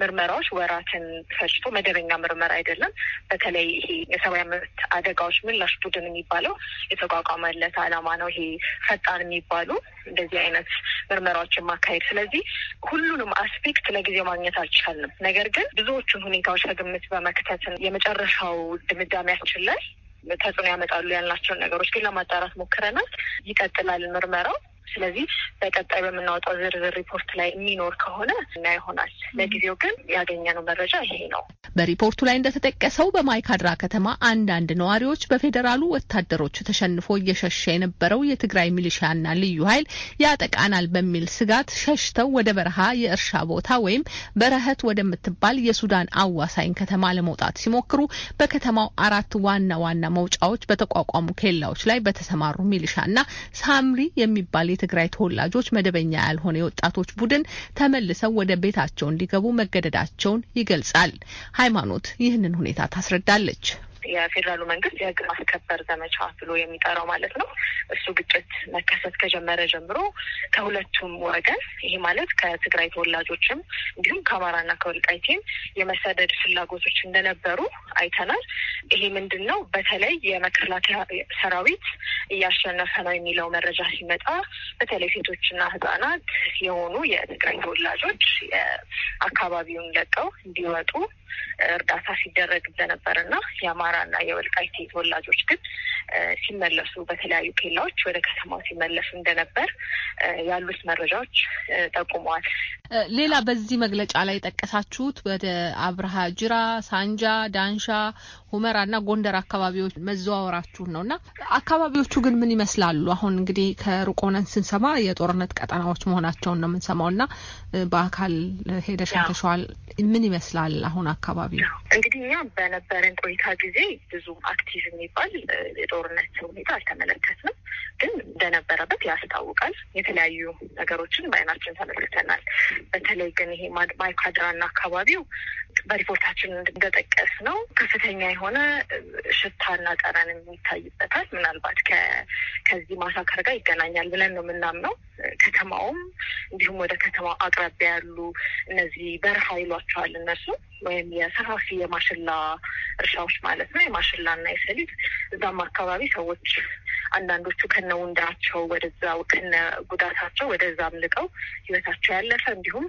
ምርመራዎች ወራትን ፈጅቶ መደበኛ ምርመራ አይደለም። በተለይ ይሄ የሰብአዊ መብት አደጋዎች ምላሽ ቡድን የሚባለው የተቋቋመለት አላማ ነው። ይሄ ፈጣን የሚባሉ እንደዚህ አይነት ምርመራዎችን ማካሄድ። ስለዚህ ሁሉንም አስፔክት ለጊዜው ማግኘት አልቻልንም። ነገር ግን ብዙዎቹን ሁኔታዎች ከግምት በመክተትን የመጨረሻው ድምዳሜያችን ላይ ተጽዕኖ ያመጣሉ ያልናቸውን ነገሮች ግን ለማጣራት ሞክረናል። ይቀጥላል ምርመራው። ስለዚህ በቀጣይ በምናወጣው ዝርዝር ሪፖርት ላይ የሚኖር ከሆነ እና ይሆናል። ለጊዜው ግን ያገኘነው መረጃ ይሄ ነው። በሪፖርቱ ላይ እንደተጠቀሰው በማይካድራ ከተማ አንዳንድ ነዋሪዎች በፌዴራሉ ወታደሮች ተሸንፎ እየሸሸ የነበረው የትግራይ ሚሊሻና ልዩ ኃይል ያጠቃናል በሚል ስጋት ሸሽተው ወደ በረሃ የእርሻ ቦታ ወይም በረሀት ወደምትባል የሱዳን አዋሳኝ ከተማ ለመውጣት ሲሞክሩ በከተማው አራት ዋና ዋና መውጫዎች በተቋቋሙ ኬላዎች ላይ በተሰማሩ ሚሊሻና ሳምሪ የሚባል የትግራይ ተወላጆች መደበኛ ያልሆነ የወጣቶች ቡድን ተመልሰው ወደ ቤታቸው እንዲገቡ መገደዳቸውን ይገልጻል። ሃይማኖት ይህንን ሁኔታ ታስረዳለች። የፌዴራሉ መንግስት የህግ ማስከበር ዘመቻ ብሎ የሚጠራው ማለት ነው። እሱ ግጭት መከሰት ከጀመረ ጀምሮ ከሁለቱም ወገን ይሄ ማለት ከትግራይ ተወላጆችም እንዲሁም ከአማራና ከወልቃይቴም የመሰደድ ፍላጎቶች እንደነበሩ አይተናል። ይሄ ምንድን ነው? በተለይ የመከላከያ ሰራዊት እያሸነፈ ነው የሚለው መረጃ ሲመጣ በተለይ ሴቶችና ህጻናት የሆኑ የትግራይ ተወላጆች አካባቢውን ለቀው እንዲወጡ እርዳታ ሲደረግ እንደነበር የአማራ እና የወልቃይት ተወላጆች ግን ሲመለሱ በተለያዩ ኬላዎች ወደ ከተማው ሲመለሱ እንደነበር ያሉት መረጃዎች ጠቁመዋል። ሌላ በዚህ መግለጫ ላይ ጠቀሳችሁት ወደ አብርሃ ጅራ፣ ሳንጃ፣ ዳንሻ ሁመራና ጎንደር አካባቢዎች መዘዋወራችሁን ነው እና አካባቢዎቹ ግን ምን ይመስላሉ? አሁን እንግዲህ ከሩቅ ሆነን ስንሰማ የጦርነት ቀጠናዎች መሆናቸውን ነው የምንሰማው እና በአካል ሄደሽ ተሸዋል። ምን ይመስላል አሁን አካባቢው? እንግዲህ እኛ በነበረን ቆይታ ጊዜ ብዙ አክቲቭ የሚባል የጦርነት ሁኔታ አልተመለከትንም፣ ግን እንደነበረበት ያስታውቃል። የተለያዩ ነገሮችን በአይናችን ተመልክተናል። በተለይ ግን ይሄ ማይካድራና አካባቢው በሪፖርታችን እንደጠቀስ ነው ከፍተኛ የሆነ ሽታና ጠረን የሚታይበታል። ምናልባት ከዚህ ማሳከር ጋር ይገናኛል ብለን ነው የምናምነው። ከተማውም እንዲሁም ወደ ከተማው አቅራቢያ ያሉ እነዚህ በረሃ ይሏቸዋል እነሱ ወይም የሰፋፊ የማሽላ እርሻዎች ማለት ነው። የማሽላና የሰሊጥ እዛም አካባቢ ሰዎች አንዳንዶቹ ከነ ውንዳቸው ወደዛ ከነ ጉዳታቸው ወደዛም ልቀው ህይወታቸው ያለፈ እንዲሁም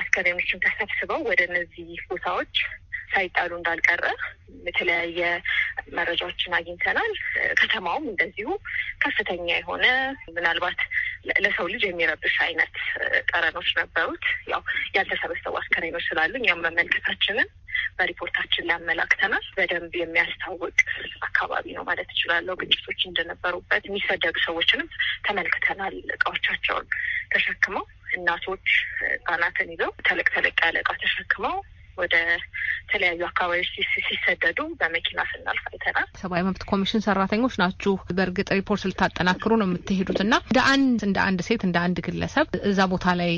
አስከሬኖችም ተሰብስበው ወደ እነዚህ ቦታዎች ሳይጣሉ እንዳልቀረ የተለያየ መረጃዎችን አግኝተናል። ከተማውም እንደዚሁ ከፍተኛ የሆነ ምናልባት ለሰው ልጅ የሚረብሽ አይነት ጠረኖች ነበሩት። ያው ያልተሰበሰቡ አስከሬኖች ስላሉ እኛም መመልከታችንን በሪፖርታችን ላይ አመላክተናል። በደንብ የሚያስታውቅ አካባቢ ነው ማለት እችላለሁ። ግጭቶች እንደነበሩበት የሚሰደዱ ሰዎችንም ተመልክተናል። እቃዎቻቸውን ተሸክመው እናቶች ህጻናትን ይዘው ተለቅ ተለቅ ያለ እቃ ተሸክመው ወደ ተለያዩ አካባቢዎች ሲሰደዱ በመኪና ስናልፍ አይተናል። ሰብአዊ መብት ኮሚሽን ሰራተኞች ናችሁ። በእርግጥ ሪፖርት ልታጠናክሩ ነው የምትሄዱት እና እንደ አንድ እንደ አንድ ሴት እንደ አንድ ግለሰብ እዛ ቦታ ላይ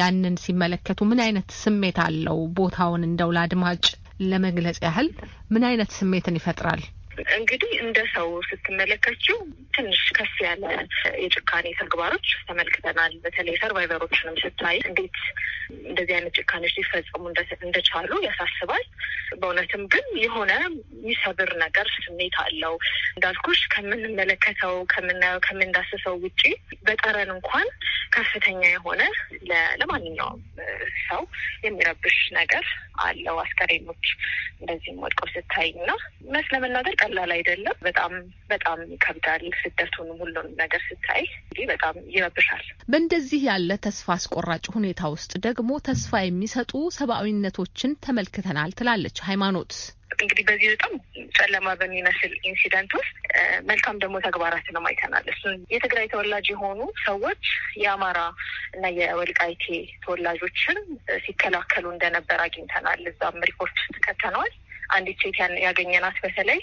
ያንን ሲመለከቱ ምን አይነት ስሜት አለው? ቦታውን እንደው ለአድማጭ ለመግለጽ ያህል ምን አይነት ስሜትን ይፈጥራል? እንግዲህ እንደ ሰው ስትመለከችው ትንሽ ከፍ ያለ የጭካኔ ተግባሮች ተመልክተናል። በተለይ ሰርቫይቨሮችንም ስታይ እንዴት እንደዚህ አይነት ጭካኔዎች ሊፈጸሙ እንደቻሉ ያሳስባል። በእውነትም ግን የሆነ የሚሰብር ነገር ስሜት አለው። እንዳልኩሽ ከምንመለከተው፣ ከምናየው፣ ከምንዳስሰው ውጪ በጠረን እንኳን ከፍተኛ የሆነ ለማንኛውም ሰው የሚረብሽ ነገር አለው። አስከሬኖች እንደዚህም ወድቀው ስታይ እና መስ ለመናገር ቀላል አይደለም። በጣም በጣም ይከብዳል። ስደቱን ሁሉን ነገር ስታይ እንግዲህ በጣም ይረብሻል። በእንደዚህ ያለ ተስፋ አስቆራጭ ሁኔታ ውስጥ ደግሞ ተስፋ የሚሰጡ ሰብአዊነቶችን ተመልክተናል ትላለች ሃይማኖት። እንግዲህ በዚህ በጣም ጨለማ በሚመስል ኢንሲደንት ውስጥ መልካም ደግሞ ተግባራት ነው አይተናል። እሱን የትግራይ ተወላጅ የሆኑ ሰዎች የአማራ እና የወልቃይቴ ተወላጆችን ሲከላከሉ እንደነበር አግኝተናል። እዛም ሪፖርት ተከተነዋል። አንዲት ሴት ያገኘናት በተለይ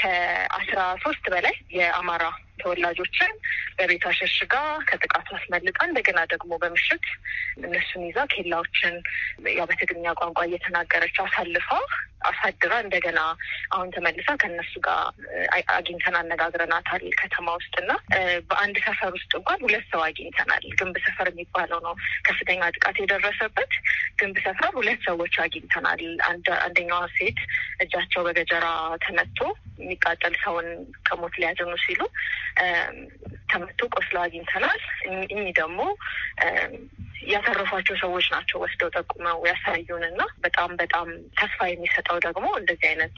ከአስራ ሶስት በላይ የአማራ ተወላጆችን በቤቷ ሸሽጋ ከጥቃቱ አስመልጣ እንደገና ደግሞ በምሽት እነሱን ይዛ ኬላዎችን ያው በትግርኛ ቋንቋ እየተናገረች አሳልፋ አሳድራ እንደገና አሁን ተመልሳ ከእነሱ ጋር አግኝተን አነጋግረናታል። ከተማ ውስጥ እና በአንድ ሰፈር ውስጥ እንኳን ሁለት ሰው አግኝተናል። ግንብ ሰፈር የሚባለው ነው ከፍተኛ ጥቃት የደረሰበት ግንብ ሰፈር ሁለት ሰዎች አግኝተናል። አንደኛዋ ሴት እጃቸው በገጀራ ተመቶ የሚቃጠል ሰውን ከሞት ሊያድኑ ሲሉ ተመቶ ቆስለው አግኝተናል። እኚህ ደግሞ ያተረፏቸው ሰዎች ናቸው ወስደው ጠቁመው ያሳዩን እና በጣም በጣም ተስፋ የሚሰጠው ደግሞ እንደዚህ አይነት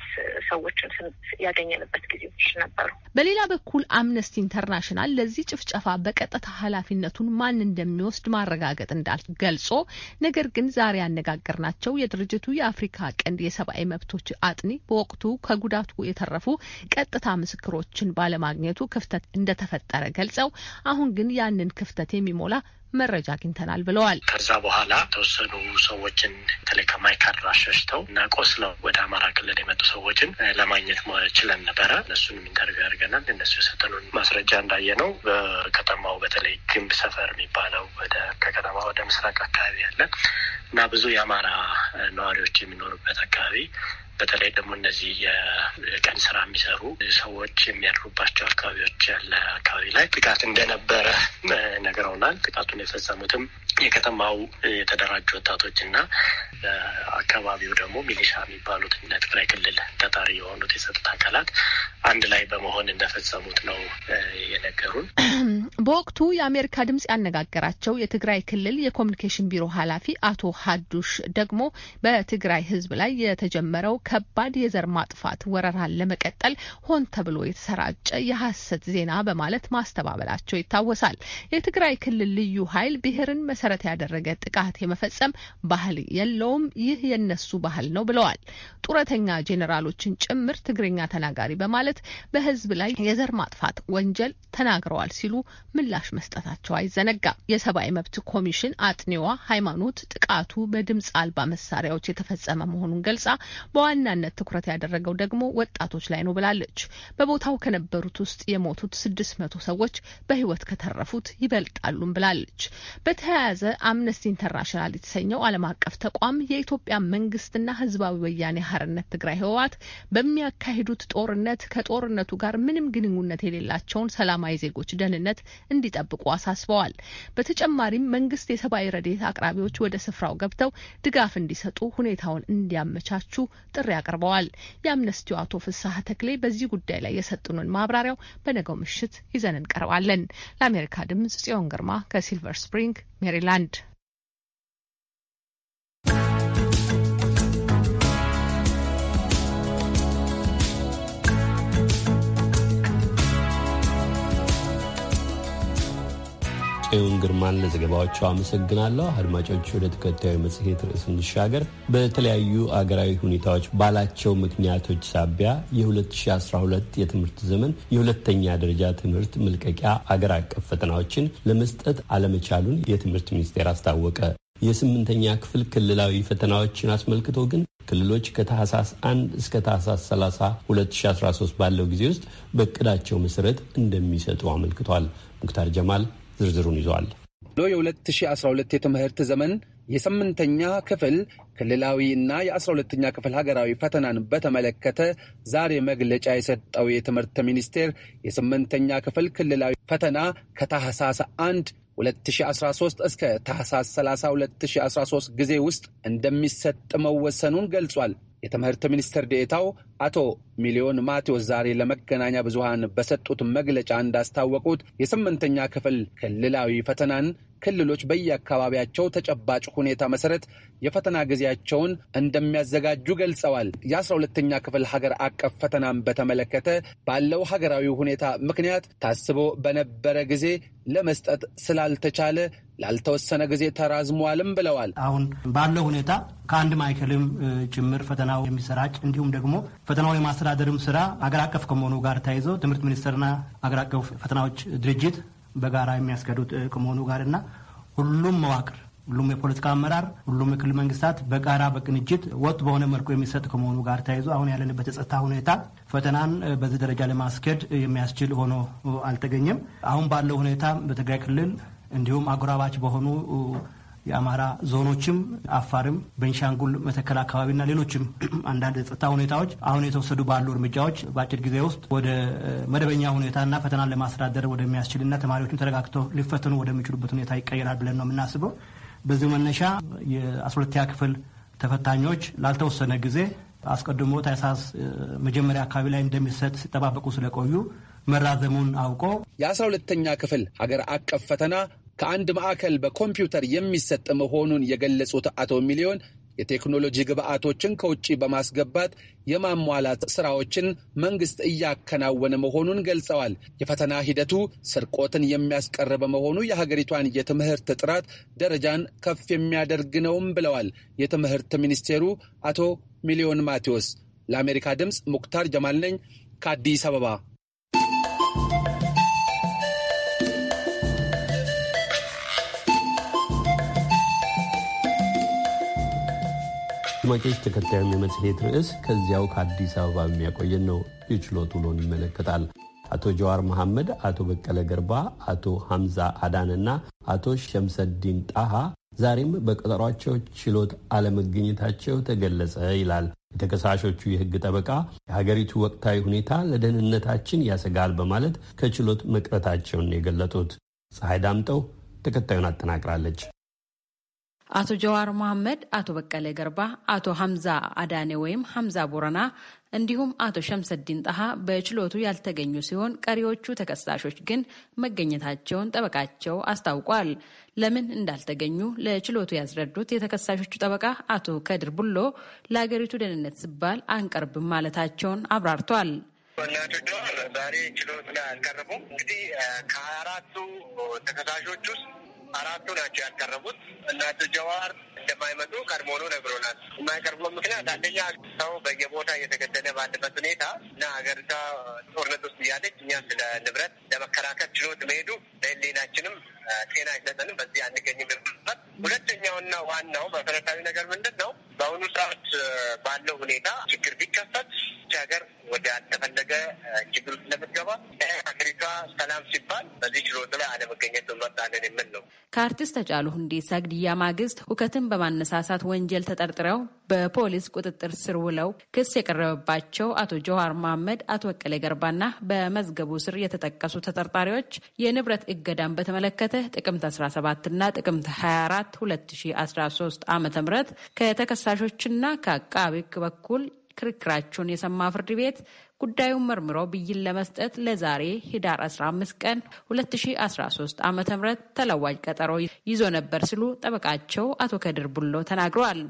ሰዎችን ያገኘንበት ጊዜዎች ነበሩ። በሌላ በኩል አምነስቲ ኢንተርናሽናል ለዚህ ጭፍጨፋ በቀጥታ ኃላፊነቱን ማን እንደሚወስድ ማረጋገጥ እንዳል ገልጾ ነገር ግን ዛሬ ያነጋገርናቸው የድርጅቱ የአፍሪካ ቀንድ የሰብአዊ መብቶች አጥኒ በወቅቱ ከጉዳቱ የተረፉ ቀጥታ ምስክሮችን ባለማግኘቱ ክፍተት እንደተፈጠረ ገልጸው አሁን ግን ያንን ክፍተት የሚሞላ መረጃ አግኝተናል ብለዋል። ከዛ በኋላ የተወሰኑ ሰዎችን በተለይ ከማይካድራ ሸሽተው እና ቆስለው ወደ አማራ ክልል የመጡ ሰዎችን ለማግኘት ችለን ነበረ። እነሱንም ኢንተርቪው አድርገናል። እነሱ የሰጠኑን ማስረጃ እንዳየ ነው በከተማው በተለይ ግንብ ሰፈር የሚባለው ወደ ከከተማ ወደ ምስራቅ አካባቢ ያለ እና ብዙ የአማራ ነዋሪዎች የሚኖሩበት አካባቢ በተለይ ደግሞ እነዚህ የቀን ስራ የሚሰሩ ሰዎች የሚያድሩባቸው አካባቢዎች ያለ አካባቢ ላይ ጥቃት እንደነበረ ነግረውናል። ጥቃቱን የፈጸሙትም የከተማው የተደራጁ ወጣቶች እና አካባቢው ደግሞ ሚሊሻ የሚባሉት እነ ትግራይ ክልል ተጣሪ የሆኑት የጸጥታ አካላት አንድ ላይ በመሆን እንደፈጸሙት ነው የነገሩን። በወቅቱ የአሜሪካ ድምጽ ያነጋገራቸው የትግራይ ክልል የኮሚኒኬሽን ቢሮ ኃላፊ አቶ ሀዱሽ ደግሞ በትግራይ ሕዝብ ላይ የተጀመረው ከባድ የዘር ማጥፋት ወረራን ለመቀጠል ሆን ተብሎ የተሰራጨ የሐሰት ዜና በማለት ማስተባበላቸው ይታወሳል። የትግራይ ክልል ልዩ ኃይል ብሔርን መሰረት ያደረገ ጥቃት የመፈጸም ባህል የለውም፣ ይህ የነሱ ባህል ነው ብለዋል። ጡረተኛ ጄኔራሎችን ጭምር ትግርኛ ተናጋሪ በማለት በሕዝብ ላይ የዘር ማጥፋት ወንጀል ተናግረዋል ሲሉ ምላሽ መስጠታቸው አይዘነጋም። የሰብአዊ መብት ኮሚሽን አጥኒዋ ሃይማኖት ጥቃቱ በድምፅ አልባ መሳሪያዎች የተፈጸመ መሆኑን ገልጻ በዋናነት ትኩረት ያደረገው ደግሞ ወጣቶች ላይ ነው ብላለች። በቦታው ከነበሩት ውስጥ የሞቱት ስድስት መቶ ሰዎች በህይወት ከተረፉት ይበልጣሉም ብላለች። በተያያዘ አምነስቲ ኢንተርናሽናል የተሰኘው ዓለም አቀፍ ተቋም የኢትዮጵያ መንግስትና ህዝባዊ ወያኔ ሀርነት ትግራይ ህወሓት በሚያካሂዱት ጦርነት ከጦርነቱ ጋር ምንም ግንኙነት የሌላቸውን ሰላማዊ ዜጎች ደህንነት እንዲጠብቁ አሳስበዋል። በተጨማሪም መንግስት የሰብአዊ ረዴት አቅራቢዎች ወደ ስፍራው ገብተው ድጋፍ እንዲሰጡ ሁኔታውን እንዲያመቻቹ ጥሪ አቅርበዋል። የአምነስቲው አቶ ፍስሀ ተክሌ በዚህ ጉዳይ ላይ የሰጡንን ማብራሪያው በነገው ምሽት ይዘን እንቀርባለን። ለአሜሪካ ድምጽ ጽዮን ግርማ ከሲልቨር ስፕሪንግ ሜሪላንድ ጽዮን ግርማን ለዘገባዎቹ አመሰግናለሁ። አድማጮች ወደ ተከታዩ መጽሔት ርዕስ እንሻገር። በተለያዩ አገራዊ ሁኔታዎች ባላቸው ምክንያቶች ሳቢያ የ2012 የትምህርት ዘመን የሁለተኛ ደረጃ ትምህርት መልቀቂያ አገር አቀፍ ፈተናዎችን ለመስጠት አለመቻሉን የትምህርት ሚኒስቴር አስታወቀ። የስምንተኛ ክፍል ክልላዊ ፈተናዎችን አስመልክቶ ግን ክልሎች ከታህሳስ 1 እስከ ታህሳስ 30 2013 ባለው ጊዜ ውስጥ በእቅዳቸው መሰረት እንደሚሰጡ አመልክቷል። ሙክታር ጀማል ዝርዝሩን ይዟል የ የ2012 የትምህርት ዘመን የስምንተኛ ክፍል ክልላዊ እና የ12ኛ ክፍል ሀገራዊ ፈተናን በተመለከተ ዛሬ መግለጫ የሰጠው የትምህርት ሚኒስቴር የስምንተኛ ክፍል ክልላዊ ፈተና ከታህሳስ 1 2013 እስከ ታህሳስ 30 2013 ጊዜ ውስጥ እንደሚሰጥ መወሰኑን ገልጿል። የትምህርት ሚኒስትር ዴኤታው አቶ ሚሊዮን ማቴዎስ ዛሬ ለመገናኛ ብዙሃን በሰጡት መግለጫ እንዳስታወቁት የስምንተኛ ክፍል ክልላዊ ፈተናን ክልሎች በየአካባቢያቸው ተጨባጭ ሁኔታ መሰረት የፈተና ጊዜያቸውን እንደሚያዘጋጁ ገልጸዋል። የአስራ ሁለተኛ ክፍል ሀገር አቀፍ ፈተናን በተመለከተ ባለው ሀገራዊ ሁኔታ ምክንያት ታስቦ በነበረ ጊዜ ለመስጠት ስላልተቻለ ላልተወሰነ ጊዜ ተራዝሟልም ብለዋል። አሁን ባለው ሁኔታ ከአንድ ማዕከልም ጭምር ፈተናው የሚሰራጭ እንዲሁም ደግሞ ፈተናውን የማስተዳደርም ስራ አገር አቀፍ ከመሆኑ ጋር ተያይዞ ትምህርት ሚኒስቴርና አገር አቀፍ ፈተናዎች ድርጅት በጋራ የሚያስገዱት ከመሆኑ ጋር እና ሁሉም መዋቅር ሁሉም የፖለቲካ አመራር፣ ሁሉም የክልል መንግስታት በጋራ በቅንጅት ወጥ በሆነ መልኩ የሚሰጥ ከመሆኑ ጋር ተያይዞ አሁን ያለንበት የጸጥታ ሁኔታ ፈተናን በዚህ ደረጃ ለማስኬድ የሚያስችል ሆኖ አልተገኘም። አሁን ባለው ሁኔታ በትግራይ ክልል እንዲሁም አጎራባች በሆኑ የአማራ ዞኖችም፣ አፋርም፣ በንሻንጉል መተከል አካባቢና ሌሎችም አንዳንድ የጸጥታ ሁኔታዎች አሁን የተወሰዱ ባሉ እርምጃዎች በአጭር ጊዜ ውስጥ ወደ መደበኛ ሁኔታና ፈተናን ለማስተዳደር ወደሚያስችልና ተማሪዎችም ተረጋግተው ሊፈተኑ ወደሚችሉበት ሁኔታ ይቀየራል ብለን ነው የምናስበው። በዚህ መነሻ የአስሁለተኛ ክፍል ተፈታኞች ላልተወሰነ ጊዜ አስቀድሞ ታህሳስ መጀመሪያ አካባቢ ላይ እንደሚሰጥ ሲጠባበቁ ስለቆዩ መራዘሙን አውቆ የአስራ ሁለተኛ ክፍል ሀገር አቀፍ ፈተና ከአንድ ማዕከል በኮምፒውተር የሚሰጥ መሆኑን የገለጹት አቶ ሚሊዮን የቴክኖሎጂ ግብዓቶችን ከውጭ በማስገባት የማሟላት ስራዎችን መንግስት እያከናወነ መሆኑን ገልጸዋል። የፈተና ሂደቱ ስርቆትን የሚያስቀር በመሆኑ የሀገሪቷን የትምህርት ጥራት ደረጃን ከፍ የሚያደርግ ነውም ብለዋል። የትምህርት ሚኒስቴሩ አቶ ሚሊዮን ማቴዎስ። ለአሜሪካ ድምፅ ሙክታር ጀማል ነኝ ከአዲስ አበባ። አድማጮች፣ ተከታዩም የመጽሔት ርዕስ ከዚያው ከአዲስ አበባ የሚያቆየን ነው። የችሎት ውሎን ይመለከታል። አቶ ጀዋር መሐመድ፣ አቶ በቀለ ገርባ፣ አቶ ሐምዛ አዳን እና አቶ ሸምሰዲን ጣሃ ዛሬም በቀጠሯቸው ችሎት አለመገኘታቸው ተገለጸ ይላል የተከሳሾቹ የሕግ ጠበቃ። የሀገሪቱ ወቅታዊ ሁኔታ ለደህንነታችን ያሰጋል በማለት ከችሎት መቅረታቸውን የገለጡት ፀሐይ ዳምጠው ተከታዩን አጠናቅራለች። አቶ ጀዋር መሐመድ፣ አቶ በቀለ ገርባ፣ አቶ ሀምዛ አዳኔ ወይም ሀምዛ ቦረና እንዲሁም አቶ ሸምሰዲን ጣሃ በችሎቱ ያልተገኙ ሲሆን ቀሪዎቹ ተከሳሾች ግን መገኘታቸውን ጠበቃቸው አስታውቋል። ለምን እንዳልተገኙ ለችሎቱ ያስረዱት የተከሳሾቹ ጠበቃ አቶ ከድር ቡሎ ለሀገሪቱ ደህንነት ሲባል አንቀርብም ማለታቸውን አብራርቷል። ዛሬ ችሎት ላይ አልቀረቡም። እንግዲህ ከአራቱ ተከሳሾች ውስጥ አራቱ ናቸው ያቀረቡት። እናቱ ጀዋር እንደማይመጡ ቀድሞውኑ ነግሮናል። የማይቀርቡበት ምክንያት አንደኛ ሰው በየቦታ እየተገደለ ባለበት ሁኔታ እና ሀገሪቷ ጦርነት ውስጥ እያለች እኛ ስለ ንብረት ለመከላከል ችሎት መሄዱ ለህሊናችንም ጤና አይሰጠንም። በዚህ አንገኝም። ሁለተኛውና ዋናው መሰረታዊ ነገር ምንድን ነው? በአሁኑ ሰዓት ባለው ሁኔታ ችግር ቢከፈት ሀገር ወደ አልተፈለገ ችግር ውስጥ ለምትገባ ሀገሪቷ ሰላም ሲባል በዚህ ችሎት ላይ አለመገኘት መጣለን የምል ነው። ከአርቲስት ሃጫሉ ሁንዴሳ ግድያ ማግስት ሁከትን በማነሳሳት ወንጀል ተጠርጥረው በፖሊስ ቁጥጥር ስር ውለው ክስ የቀረበባቸው አቶ ጀዋር መሐመድ፣ አቶ በቀለ ገርባና በመዝገቡ ስር የተጠቀሱ ተጠርጣሪዎች የንብረት እገዳን በተመለከተ ጥቅምት 17 እና ጥቅምት 24 2013 ዓ ም ከተከሳሾችና ከአቃቢ በኩል ክርክራቸውን የሰማ ፍርድ ቤት ጉዳዩን መርምሮ ብይን ለመስጠት ለዛሬ ህዳር 15 ቀን 2013 ዓ ም ተለዋጭ ቀጠሮ ይዞ ነበር ሲሉ ጠበቃቸው አቶ ከድር ቡሎ ተናግረዋል።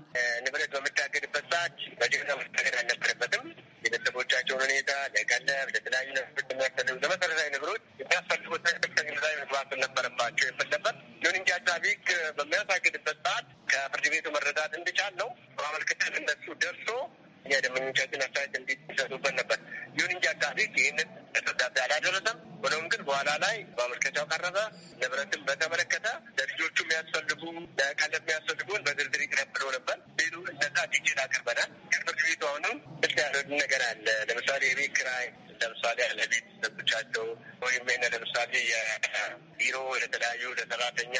ንብረት በምታገድበት ሰዓት በጅግና መታገድ አልነበረበትም። የቤተሰቦቻቸውን ሁኔታ ለቀለብ፣ ለተለያዩ ነገሮች ለመሰረታዊ ነገሮች የሚያስፈልጉት ከግንዛቤ መግባት ነበረባቸው የፈለበት ይሁን እንጂ አሳቢ በሚያሳግድበት ሰዓት ከፍርድ ቤቱ መረዳት እንዲቻል ነው። በአመልክተን እነሱ ደርሶ እኛ ደመኞቻችን አስተያየት እንዲሰጡበት ነበር። ይሁን እንጂ አቃቤ ይህንን ደብዳቤ አላደረሰም። ሆኖም ግን በኋላ ላይ በአመልከቻው ቀረበ። ንብረትን በተመለከተ ለልጆቹ የሚያስፈልጉ ለቀለ የሚያስፈልጉን በዝርዝር ይቅረብ ብሎ ነበር። ቤቱ እንደዛ ዲጅል አቅርበናል። ግን ፍርድ ቤቱ አሁንም ስ ያደረጉ ነገር አለ። ለምሳሌ የቤት ኪራይ ለምሳሌ ለቤተሰቦቻቸው ወይም ነ ለምሳሌ የቢሮ ለተለያዩ ለሰራተኛ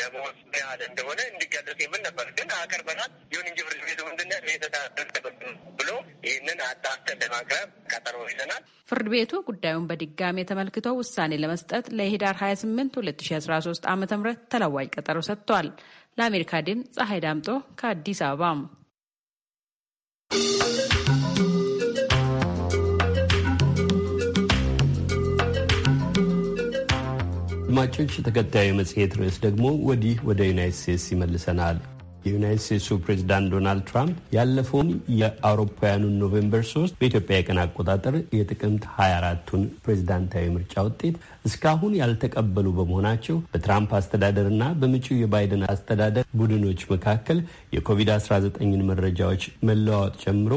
ደሞዝ ያህል እንደሆነ እንዲገለጽ የምን ነበር ግን አገር በናት ይሁን እንጂ ፍርድ ቤቱ ምንድነ ቤተሰብ ብሎ ይህንን አጣፍተን ለማቅረብ ቀጠሮ ይዘናል። ፍርድ ቤቱ ጉዳዩን በድጋሚ ተመልክቶ ውሳኔ ለመስጠት ለህዳር አስራ ሶስት አመተ ም ተለዋጭ ቀጠሮ ሰጥቷል። ለአሜሪካ ድምፅ ፀሐይ ዳምጦ ከአዲስ አበባ አድማጮች ተከታዩ መጽሔት ርዕስ ደግሞ ወዲህ ወደ ዩናይት ስቴትስ ይመልሰናል። የዩናይት ስቴትሱ ፕሬዚዳንት ዶናልድ ትራምፕ ያለፈውን የአውሮፓውያኑን ኖቬምበር 3 በኢትዮጵያ የቀን አቆጣጠር የጥቅምት 24ቱን ፕሬዚዳንታዊ ምርጫ ውጤት እስካሁን ያልተቀበሉ በመሆናቸው በትራምፕ አስተዳደርና በምጪው የባይደን አስተዳደር ቡድኖች መካከል የኮቪድ-19ን መረጃዎች መለዋወጥ ጨምሮ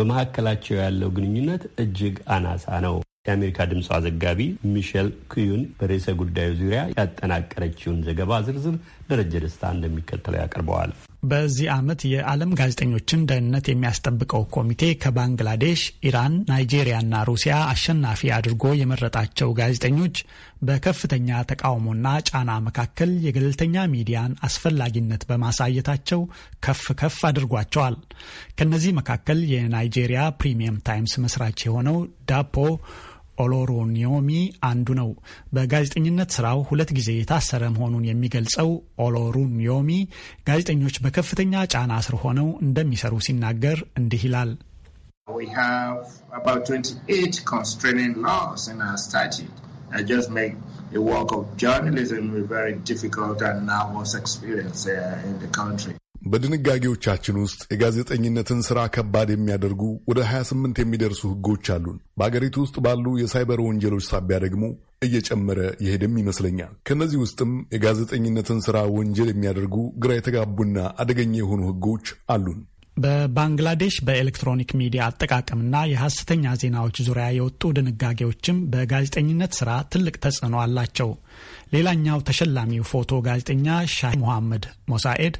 በመካከላቸው ያለው ግንኙነት እጅግ አናሳ ነው። የአሜሪካ ድምፅ ዘጋቢ ሚሼል ክዩን በርዕሰ ጉዳዩ ዙሪያ ያጠናቀረችውን ዘገባ ዝርዝር ደረጀ ደስታ እንደሚከተለው ያቀርበዋል። በዚህ ዓመት የዓለም ጋዜጠኞችን ደህንነት የሚያስጠብቀው ኮሚቴ ከባንግላዴሽ፣ ኢራን፣ ናይጄሪያና ሩሲያ አሸናፊ አድርጎ የመረጣቸው ጋዜጠኞች በከፍተኛ ተቃውሞና ጫና መካከል የገለልተኛ ሚዲያን አስፈላጊነት በማሳየታቸው ከፍ ከፍ አድርጓቸዋል። ከነዚህ መካከል የናይጄሪያ ፕሪሚየም ታይምስ መስራች የሆነው ዳፖ ኦሎሮኒዮሚ አንዱ ነው። በጋዜጠኝነት ስራው ሁለት ጊዜ የታሰረ መሆኑን የሚገልጸው ኦሎሩኒዮሚ ጋዜጠኞች በከፍተኛ ጫና ስር ሆነው እንደሚሰሩ ሲናገር እንዲህ ይላል። The work of journalism a very difficult and nervous experience uh, in the country. በድንጋጌዎቻችን ውስጥ የጋዜጠኝነትን ስራ ከባድ የሚያደርጉ ወደ 28 የሚደርሱ ህጎች አሉን። በአገሪቱ ውስጥ ባሉ የሳይበር ወንጀሎች ሳቢያ ደግሞ እየጨመረ ይሄድም ይመስለኛል። ከእነዚህ ውስጥም የጋዜጠኝነትን ስራ ወንጀል የሚያደርጉ ግራ የተጋቡና አደገኛ የሆኑ ህጎች አሉን። በባንግላዴሽ በኤሌክትሮኒክ ሚዲያ አጠቃቀምና የሐሰተኛ ዜናዎች ዙሪያ የወጡ ድንጋጌዎችም በጋዜጠኝነት ስራ ትልቅ ተጽዕኖ አላቸው። ሌላኛው ተሸላሚው ፎቶ ጋዜጠኛ ሻሂ ሙሐመድ ሞሳኤድ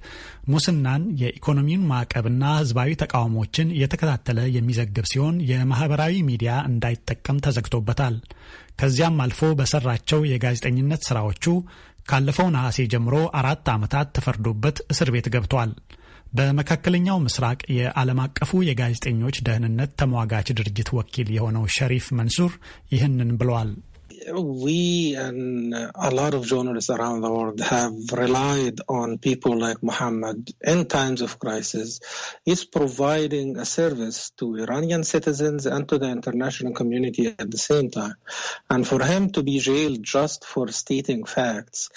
ሙስናን፣ የኢኮኖሚን ማዕቀብና ህዝባዊ ተቃውሞችን እየተከታተለ የሚዘግብ ሲሆን የማህበራዊ ሚዲያ እንዳይጠቀም ተዘግቶበታል። ከዚያም አልፎ በሰራቸው የጋዜጠኝነት ስራዎቹ ካለፈው ነሐሴ ጀምሮ አራት ዓመታት ተፈርዶበት እስር ቤት ገብቷል። በመካከለኛው ምስራቅ የዓለም አቀፉ የጋዜጠኞች ደህንነት ተሟጋች ድርጅት ወኪል የሆነው ሸሪፍ መንሱር ይህንን ብለዋል። we and a lot of journalists around the world have relied on people like Muhammad in times of crisis. He's providing a service to Iranian citizens and to the international community at the same time. And for him to be jailed just for stating facts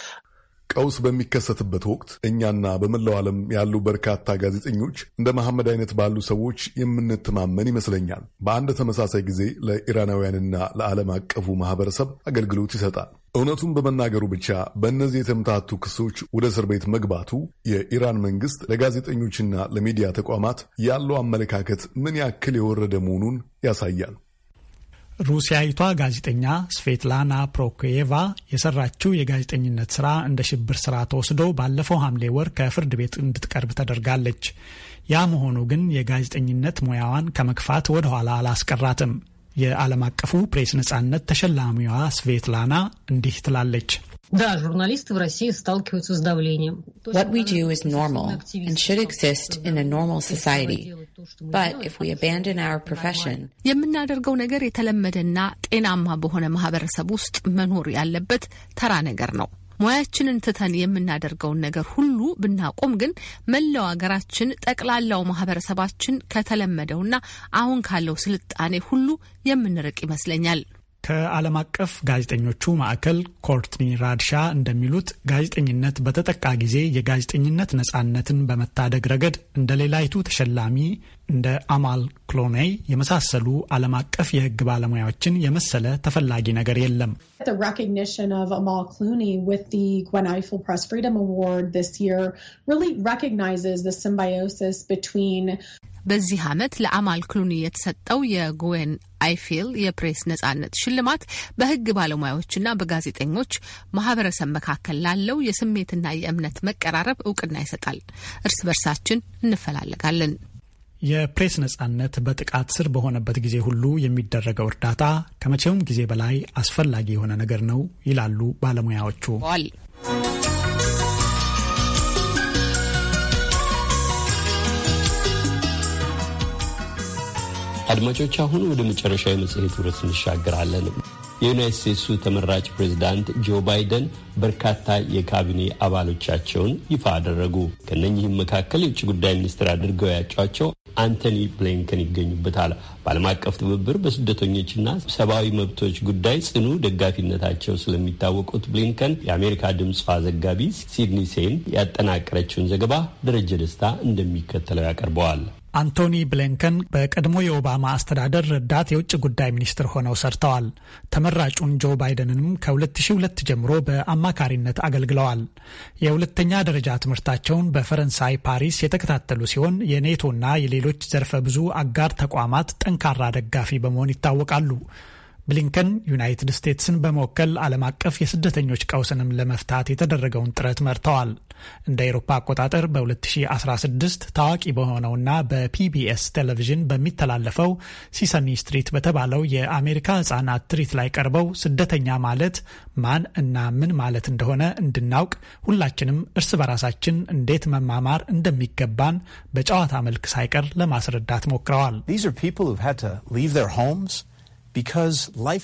ቀውስ በሚከሰትበት ወቅት እኛና በመላው ዓለም ያሉ በርካታ ጋዜጠኞች እንደ መሐመድ አይነት ባሉ ሰዎች የምንተማመን ይመስለኛል። በአንድ ተመሳሳይ ጊዜ ለኢራናውያንና ለዓለም አቀፉ ማህበረሰብ አገልግሎት ይሰጣል። እውነቱን በመናገሩ ብቻ በእነዚህ የተምታቱ ክሶች ወደ እስር ቤት መግባቱ የኢራን መንግስት ለጋዜጠኞችና ለሚዲያ ተቋማት ያለው አመለካከት ምን ያክል የወረደ መሆኑን ያሳያል። ሩሲያዊቷ ጋዜጠኛ ስቬትላና ፕሮኮየቫ የሰራችው የጋዜጠኝነት ስራ እንደ ሽብር ስራ ተወስዶ ባለፈው ሐምሌ ወር ከፍርድ ቤት እንድትቀርብ ተደርጋለች። ያ መሆኑ ግን የጋዜጠኝነት ሙያዋን ከመግፋት ወደ ኋላ አላስቀራትም። የዓለም አቀፉ ፕሬስ ነጻነት ተሸላሚዋ ስቬትላና እንዲህ ትላለች። Да, журналисты в России сталкиваются с давлением. What we do is normal and should exist in a normal society. But if we abandon our profession... የምናደርገው ነገር የተለመደና ጤናማ በሆነ ማህበረሰብ ውስጥ መኖር ያለበት ተራ ነገር ነው። ሙያችንን ትተን የምናደርገውን ነገር ሁሉ ብናቆም ግን መላው ሀገራችን፣ ጠቅላላው ማህበረሰባችን ከተለመደውና አሁን ካለው ስልጣኔ ሁሉ የምንርቅ ይመስለኛል። ከዓለም አቀፍ ጋዜጠኞቹ ማዕከል ኮርትኒ ራድሻ እንደሚሉት ጋዜጠኝነት በተጠቃ ጊዜ የጋዜጠኝነት ነጻነትን በመታደግ ረገድ እንደ ሌላይቱ ተሸላሚ እንደ አማል ክሎኔይ የመሳሰሉ ዓለም አቀፍ የሕግ ባለሙያዎችን የመሰለ ተፈላጊ ነገር የለም። በዚህ ዓመት ለአማል ክሉኒ የተሰጠው የጉዌን አይፌል የፕሬስ ነጻነት ሽልማት በህግ ባለሙያዎችና በጋዜጠኞች ማህበረሰብ መካከል ላለው የስሜትና የእምነት መቀራረብ እውቅና ይሰጣል። እርስ በርሳችን እንፈላለጋለን። የፕሬስ ነጻነት በጥቃት ስር በሆነበት ጊዜ ሁሉ የሚደረገው እርዳታ ከመቼውም ጊዜ በላይ አስፈላጊ የሆነ ነገር ነው ይላሉ ባለሙያዎቹ። አድማጮች አሁን ወደ መጨረሻ የመጽሔት ውረት እንሻገራለን። የዩናይት ስቴትሱ ተመራጭ ፕሬዚዳንት ጆ ባይደን በርካታ የካቢኔ አባሎቻቸውን ይፋ አደረጉ። ከነኚህም መካከል የውጭ ጉዳይ ሚኒስትር አድርገው ያጯቸው አንቶኒ ብሊንከን ይገኙበታል። በዓለም አቀፍ ትብብር በስደተኞችና ሰብአዊ መብቶች ጉዳይ ጽኑ ደጋፊነታቸው ስለሚታወቁት ብሊንከን የአሜሪካ ድምፅ ዘጋቢ ሲድኒ ሴን ያጠናቀረችውን ዘገባ ደረጀ ደስታ እንደሚከተለው ያቀርበዋል። አንቶኒ ብሊንከን በቀድሞ የኦባማ አስተዳደር ረዳት የውጭ ጉዳይ ሚኒስትር ሆነው ሰርተዋል። ተመራጩን ጆ ባይደንንም ከ2002 ጀምሮ በአማካሪነት አገልግለዋል። የሁለተኛ ደረጃ ትምህርታቸውን በፈረንሳይ ፓሪስ የተከታተሉ ሲሆን የኔቶና የሌሎች ዘርፈ ብዙ አጋር ተቋማት ጠንካራ ደጋፊ በመሆን ይታወቃሉ። ብሊንከን ዩናይትድ ስቴትስን በመወከል ዓለም አቀፍ የስደተኞች ቀውስንም ለመፍታት የተደረገውን ጥረት መርተዋል። እንደ አውሮፓ አቆጣጠር በ2016 ታዋቂ በሆነውና በፒቢኤስ ቴሌቪዥን በሚተላለፈው ሲሰሚ ስትሪት በተባለው የአሜሪካ ሕጻናት ትርኢት ላይ ቀርበው ስደተኛ ማለት ማን እና ምን ማለት እንደሆነ እንድናውቅ ሁላችንም እርስ በራሳችን እንዴት መማማር እንደሚገባን በጨዋታ መልክ ሳይቀር ለማስረዳት ሞክረዋል።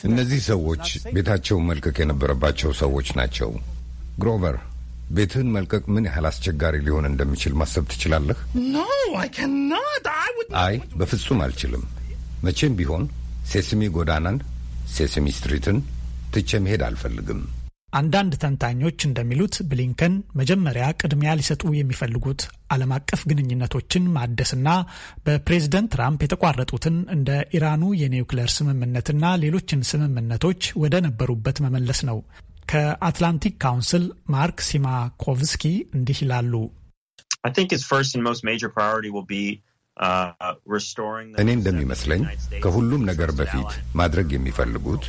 እነዚህ ሰዎች ቤታቸውን መልቀቅ የነበረባቸው ሰዎች ናቸው። ግሮቨር፣ ቤትህን መልቀቅ ምን ያህል አስቸጋሪ ሊሆን እንደሚችል ማሰብ ትችላለህ? አይ በፍጹም አልችልም። መቼም ቢሆን ሴስሚ ጎዳናን፣ ሴስሚ ስትሪትን ትቼ መሄድ አልፈልግም። አንዳንድ ተንታኞች እንደሚሉት ብሊንከን መጀመሪያ ቅድሚያ ሊሰጡ የሚፈልጉት ዓለም አቀፍ ግንኙነቶችን ማደስና በፕሬዝደንት ትራምፕ የተቋረጡትን እንደ ኢራኑ የኒውክሌር ስምምነትና ሌሎችን ስምምነቶች ወደ ነበሩበት መመለስ ነው። ከአትላንቲክ ካውንስል ማርክ ሲማኮቭስኪ እንዲህ ይላሉ። uh, እኔ እንደሚመስለኝ ከሁሉም ነገር በፊት ማድረግ የሚፈልጉት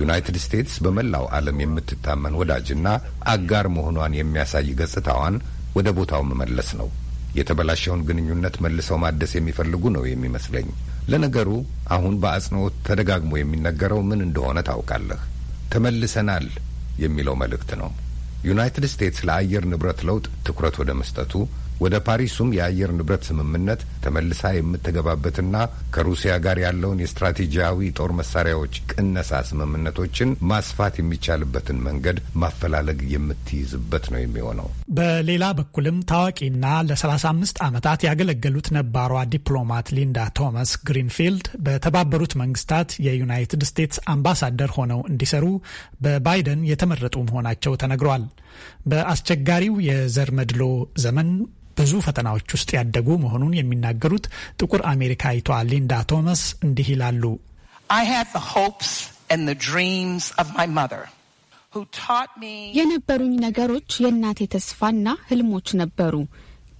ዩናይትድ ስቴትስ በመላው ዓለም የምትታመን ወዳጅና አጋር መሆኗን የሚያሳይ ገጽታዋን ወደ ቦታው መመለስ ነው። የተበላሸውን ግንኙነት መልሰው ማደስ የሚፈልጉ ነው የሚመስለኝ። ለነገሩ አሁን በአጽንኦት ተደጋግሞ የሚነገረው ምን እንደሆነ ታውቃለህ? ተመልሰናል የሚለው መልእክት ነው። ዩናይትድ ስቴትስ ለአየር ንብረት ለውጥ ትኩረት ወደ መስጠቱ ወደ ፓሪሱም የአየር ንብረት ስምምነት ተመልሳ የምትገባበትና ከሩሲያ ጋር ያለውን የስትራቴጂያዊ ጦር መሳሪያዎች ቅነሳ ስምምነቶችን ማስፋት የሚቻልበትን መንገድ ማፈላለግ የምትይዝበት ነው የሚሆነው። በሌላ በኩልም ታዋቂና ለ35 ዓመታት ያገለገሉት ነባሯ ዲፕሎማት ሊንዳ ቶማስ ግሪንፊልድ በተባበሩት መንግስታት የዩናይትድ ስቴትስ አምባሳደር ሆነው እንዲሰሩ በባይደን የተመረጡ መሆናቸው ተነግሯል። በአስቸጋሪው የዘር መድሎ ዘመን ብዙ ፈተናዎች ውስጥ ያደጉ መሆኑን የሚናገሩት ጥቁር አሜሪካዊቷ ሊንዳ ቶማስ እንዲህ ይላሉ። የነበሩኝ ነገሮች የእናቴ ተስፋና ህልሞች ነበሩ።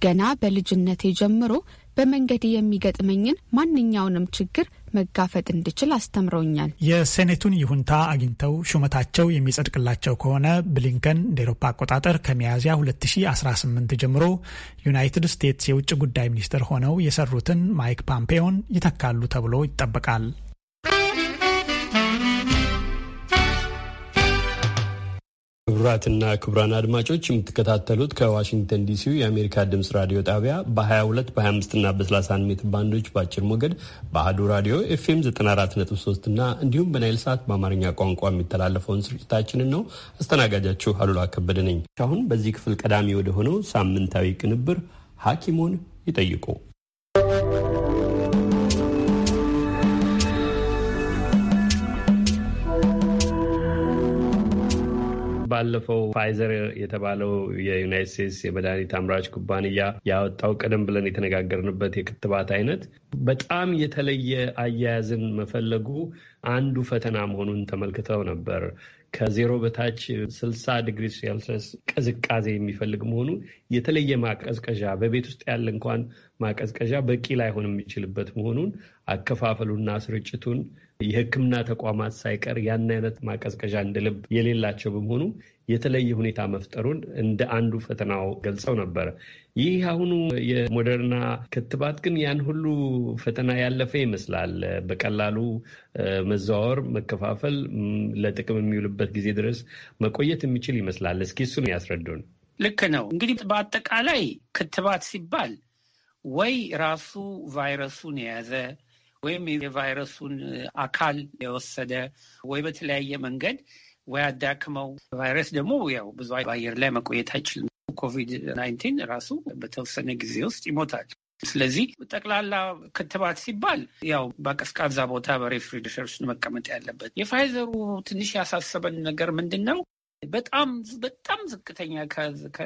ገና በልጅነቴ ጀምሮ በመንገድ የሚገጥመኝን ማንኛውንም ችግር መጋፈጥ እንድችል አስተምረውኛል። የሴኔቱን ይሁንታ አግኝተው ሹመታቸው የሚጸድቅላቸው ከሆነ ብሊንከን እንደ ኤሮፓ አቆጣጠር ከሚያዝያ 2018 ጀምሮ ዩናይትድ ስቴትስ የውጭ ጉዳይ ሚኒስትር ሆነው የሰሩትን ማይክ ፓምፔዮን ይተካሉ ተብሎ ይጠበቃል። ክቡራትና ክቡራን አድማጮች የምትከታተሉት ከዋሽንግተን ዲሲ የአሜሪካ ድምጽ ራዲዮ ጣቢያ በ22 25 እና በ31 ሜትር ባንዶች በአጭር ሞገድ በአህዱ ራዲዮ ኤፍኤም 943 እና እንዲሁም በናይል ሰዓት በአማርኛ ቋንቋ የሚተላለፈውን ስርጭታችንን ነው። አስተናጋጃችሁ አሉላ ከበደ ነኝ። አሁን በዚህ ክፍል ቀዳሚ ወደ ሆነው ሳምንታዊ ቅንብር ሐኪሙን ይጠይቁ ባለፈው ፋይዘር የተባለው የዩናይት ስቴትስ የመድኃኒት አምራች ኩባንያ ያወጣው ቀደም ብለን የተነጋገርንበት የክትባት አይነት በጣም የተለየ አያያዝን መፈለጉ አንዱ ፈተና መሆኑን ተመልክተው ነበር። ከዜሮ በታች 60 ዲግሪ ሴልሲየስ ቅዝቃዜ የሚፈልግ መሆኑ የተለየ ማቀዝቀዣ በቤት ውስጥ ያለ እንኳን ማቀዝቀዣ በቂ ላይሆን የሚችልበት መሆኑን አከፋፈሉና ስርጭቱን የሕክምና ተቋማት ሳይቀር ያን አይነት ማቀዝቀዣ እንደ ልብ የሌላቸው በመሆኑ የተለየ ሁኔታ መፍጠሩን እንደ አንዱ ፈተናው ገልጸው ነበር። ይህ አሁኑ የሞደርና ክትባት ግን ያን ሁሉ ፈተና ያለፈ ይመስላል። በቀላሉ መዘዋወር፣ መከፋፈል፣ ለጥቅም የሚውልበት ጊዜ ድረስ መቆየት የሚችል ይመስላል። እስኪ እሱን ያስረዱን። ልክ ነው እንግዲህ በአጠቃላይ ክትባት ሲባል ወይ ራሱ ቫይረሱን የያዘ ወይም የቫይረሱን አካል የወሰደ ወይ በተለያየ መንገድ ወይ አዳክመው። ቫይረስ ደግሞ ያው ብዙ አየር ላይ መቆየት አይችልም። ኮቪድ ናይንቲን ራሱ በተወሰነ ጊዜ ውስጥ ይሞታል። ስለዚህ ጠቅላላ ክትባት ሲባል ያው በቀዝቃዛ ቦታ በሬፍሪጀሬተር መቀመጥ ያለበት። የፋይዘሩ ትንሽ ያሳሰበን ነገር ምንድን ነው? በጣም በጣም ዝቅተኛ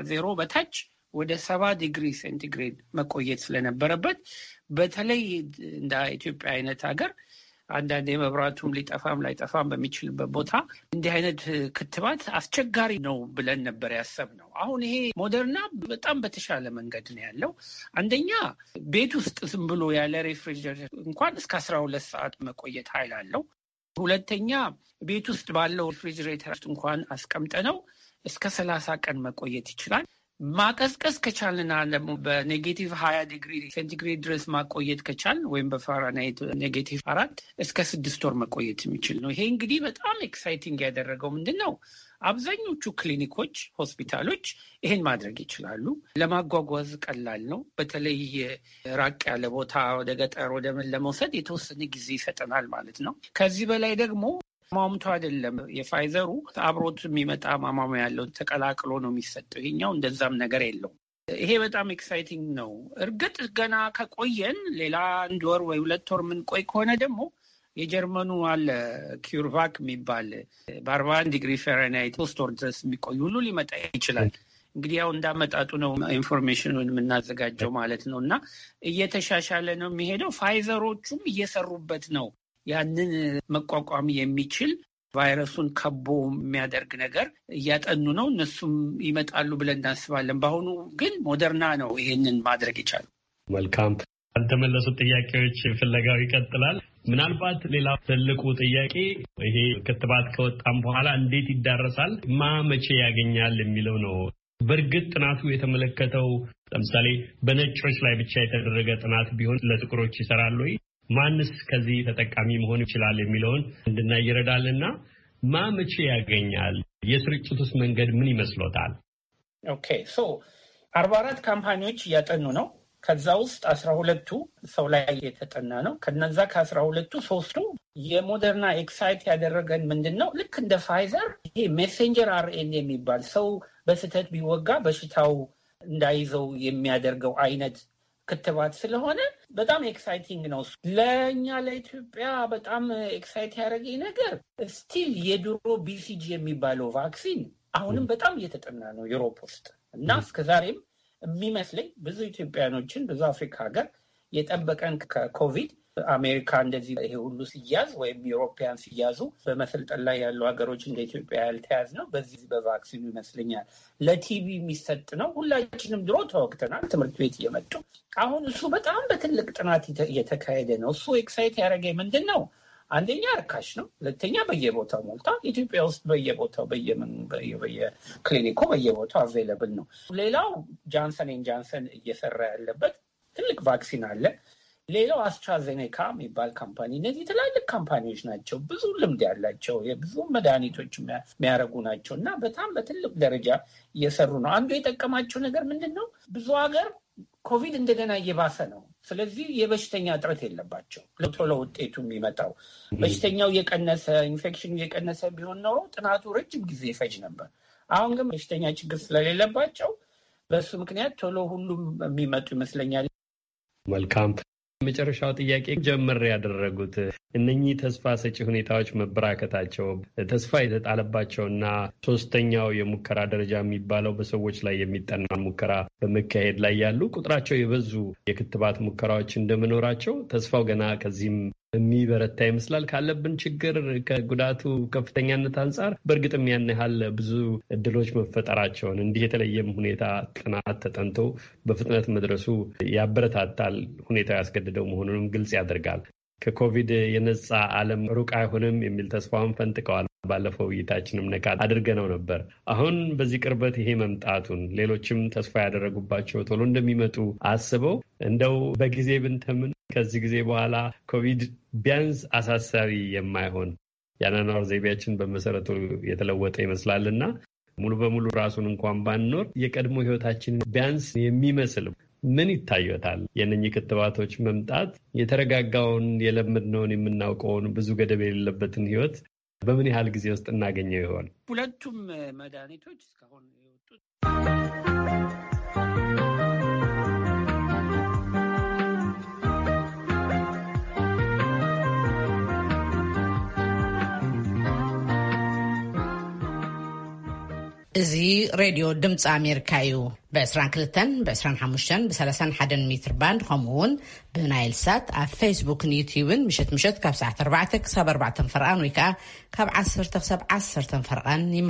ከዜሮ በታች ወደ ሰባ ዲግሪ ሴንቲግሬድ መቆየት ስለነበረበት በተለይ እንደ ኢትዮጵያ አይነት ሀገር አንዳንድ የመብራቱም ሊጠፋም ላይጠፋም በሚችልበት ቦታ እንዲህ አይነት ክትባት አስቸጋሪ ነው ብለን ነበር ነው። አሁን ይሄ ሞደርና በጣም በተሻለ መንገድ ነው ያለው። አንደኛ ቤት ውስጥ ዝም ብሎ ያለ ሬፍሪጀሬተር እንኳን እስከ አስራ ሁለት ሰዓት መቆየት ኃይል አለው። ሁለተኛ ቤት ውስጥ ባለው ሬፍሪጀሬተር እንኳን አስቀምጠ ነው እስከ ሰላሳ ቀን መቆየት ይችላል። ማቀዝቀዝ ከቻልና ደግሞ በኔጌቲቭ ሀያ ዲግሪ ሴንቲግሬድ ድረስ ማቆየት ከቻል ወይም በፋራናይት ኔጌቲቭ አራት እስከ ስድስት ወር መቆየት የሚችል ነው። ይሄ እንግዲህ በጣም ኤክሳይቲንግ ያደረገው ምንድን ነው? አብዛኞቹ ክሊኒኮች፣ ሆስፒታሎች ይሄን ማድረግ ይችላሉ። ለማጓጓዝ ቀላል ነው። በተለይ ራቅ ያለ ቦታ ወደ ገጠር ወደ ምን ለመውሰድ የተወሰነ ጊዜ ይሰጠናል ማለት ነው። ከዚህ በላይ ደግሞ ማሙቱ አይደለም የፋይዘሩ አብሮት የሚመጣ ማማሙ ያለው ተቀላቅሎ ነው የሚሰጠው። ይሄኛው እንደዛም ነገር የለው ይሄ በጣም ኤክሳይቲንግ ነው። እርግጥ ገና ከቆየን ሌላ አንድ ወር ወይ ሁለት ወር ቆይ ከሆነ ደግሞ የጀርመኑ አለ ኪርቫክ የሚባል በአርባ አንድ ዲግሪ ፈረናይት ሶስት ወር ድረስ የሚቆይ ሁሉ ሊመጣ ይችላል። እንግዲህ ያው እንዳመጣጡ ነው ኢንፎርሜሽኑን የምናዘጋጀው ማለት ነው። እና እየተሻሻለ ነው የሚሄደው። ፋይዘሮቹም እየሰሩበት ነው። ያንን መቋቋም የሚችል ቫይረሱን ከቦ የሚያደርግ ነገር እያጠኑ ነው። እነሱም ይመጣሉ ብለን እናስባለን። በአሁኑ ግን ሞደርና ነው ይሄንን ማድረግ ይቻሉ። መልካም ያልተመለሱ ጥያቄዎች ፍለጋው ይቀጥላል። ምናልባት ሌላ ትልቁ ጥያቄ ይሄ ክትባት ከወጣም በኋላ እንዴት ይዳረሳል፣ ማ መቼ ያገኛል የሚለው ነው። በእርግጥ ጥናቱ የተመለከተው ለምሳሌ በነጮች ላይ ብቻ የተደረገ ጥናት ቢሆን ለጥቁሮች ይሰራሉ ወይ? ማንስ ከዚህ ተጠቃሚ መሆን ይችላል የሚለውን እንድናይ ይረዳልና ማ መቼ ያገኛል? የስርጭቱስ መንገድ ምን ይመስሎታል? ኦኬ ሶ አርባ አራት ካምፓኒዎች እያጠኑ ነው። ከዛ ውስጥ አስራ ሁለቱ ሰው ላይ የተጠና ነው። ከነዛ ከአስራ ሁለቱ ሶስቱ የሞደርና ኤክሳይት ያደረገን ምንድን ነው? ልክ እንደ ፋይዘር ይሄ ሜሴንጀር አርኤን የሚባል ሰው በስህተት ቢወጋ በሽታው እንዳይዘው የሚያደርገው አይነት ክትባት ስለሆነ በጣም ኤክሳይቲንግ ነው። ለእኛ ለኢትዮጵያ በጣም ኤክሳይት ያደረገኝ ነገር ስቲል የድሮ ቢሲጂ የሚባለው ቫክሲን አሁንም በጣም እየተጠና ነው ዩሮፕ ውስጥ እና እስከዛሬም የሚመስለኝ ብዙ ኢትዮጵያኖችን ብዙ አፍሪካ ሀገር የጠበቀን ከኮቪድ አሜሪካ እንደዚህ ይሄ ሁሉ ሲያዝ ወይም ዩሮፒያን ሲያዙ በመሰልጠን ላይ ያሉ ሀገሮች እንደ ኢትዮጵያ ያልተያዝ ነው። በዚህ በቫክሲኑ ይመስለኛል ለቲቪ የሚሰጥ ነው። ሁላችንም ድሮ ተወቅተናል፣ ትምህርት ቤት እየመጡ አሁን እሱ በጣም በትልቅ ጥናት እየተካሄደ ነው። እሱ ኤክሳይት ያደረገ ምንድን ነው? አንደኛ ርካሽ ነው። ሁለተኛ በየቦታው ሞልቷል። ኢትዮጵያ ውስጥ በየቦታው በየክሊኒኩ በየቦታው አቬለብል ነው። ሌላው ጃንሰን ኤን ጃንሰን እየሰራ ያለበት ትልቅ ቫክሲን አለ። ሌላው አስትራዜኔካ የሚባል ካምፓኒ። እነዚህ ትላልቅ ካምፓኒዎች ናቸው፣ ብዙ ልምድ ያላቸው የብዙ መድኃኒቶች የሚያደርጉ ናቸው እና በጣም በትልቅ ደረጃ እየሰሩ ነው። አንዱ የጠቀማቸው ነገር ምንድን ነው? ብዙ ሀገር ኮቪድ እንደገና እየባሰ ነው። ስለዚህ የበሽተኛ እጥረት የለባቸው። ለቶሎ ውጤቱ የሚመጣው በሽተኛው እየቀነሰ ኢንፌክሽኑ እየቀነሰ ቢሆን ኖሮ ጥናቱ ረጅም ጊዜ ይፈጅ ነበር። አሁን ግን በሽተኛ ችግር ስለሌለባቸው በሱ ምክንያት ቶሎ ሁሉም የሚመጡ ይመስለኛል። መልካም መጨረሻው ጥያቄ ጀምር ያደረጉት እነኚህ ተስፋ ሰጪ ሁኔታዎች መበራከታቸው ተስፋ የተጣለባቸውና ሶስተኛው የሙከራ ደረጃ የሚባለው በሰዎች ላይ የሚጠና ሙከራ በመካሄድ ላይ ያሉ ቁጥራቸው የበዙ የክትባት ሙከራዎች እንደመኖራቸው ተስፋው ገና ከዚህም የሚበረታ ይመስላል። ካለብን ችግር ከጉዳቱ ከፍተኛነት አንጻር በእርግጥም ያን ያህል ብዙ እድሎች መፈጠራቸውን እንዲህ የተለየም ሁኔታ ጥናት ተጠንቶ በፍጥነት መድረሱ ያበረታታል። ሁኔታው ያስገድደው መሆኑንም ግልጽ ያደርጋል። ከኮቪድ የነጻ ዓለም ሩቅ አይሆንም የሚል ተስፋውን ፈንጥቀዋል። ባለፈው ውይይታችንም ነካ አድርገነው ነበር። አሁን በዚህ ቅርበት ይሄ መምጣቱን ሌሎችም ተስፋ ያደረጉባቸው ቶሎ እንደሚመጡ አስበው እንደው በጊዜ ብንተምን ከዚህ ጊዜ በኋላ ኮቪድ ቢያንስ አሳሳቢ የማይሆን የአኗኗር ዘይቤያችን በመሰረቱ የተለወጠ ይመስላልና ሙሉ በሙሉ ራሱን እንኳን ባንኖር የቀድሞ ህይወታችን ቢያንስ የሚመስል ምን ይታዩታል? የእነኚህ ክትባቶች መምጣት የተረጋጋውን የለመድነውን የምናውቀውን ብዙ ገደብ የሌለበትን ህይወት በምን ያህል ጊዜ ውስጥ እናገኘው ይሆን? ሁለቱም መድኃኒቶች እስካሁን የወጡት እዚ ሬድዮ ድምፂ ኣሜሪካ እዩ ብ22 ብ25 ብ31 ሜትር ባንድ ከምኡውን ብናይል ሳት ኣብ ፌስቡክን ዩትብን ምሸት ምሸት ካብ ሰዓት 4 ክሳብ 4 ፈርቃን ወይ ከዓ ካብ 1 ሳብ 1 ፈርቃን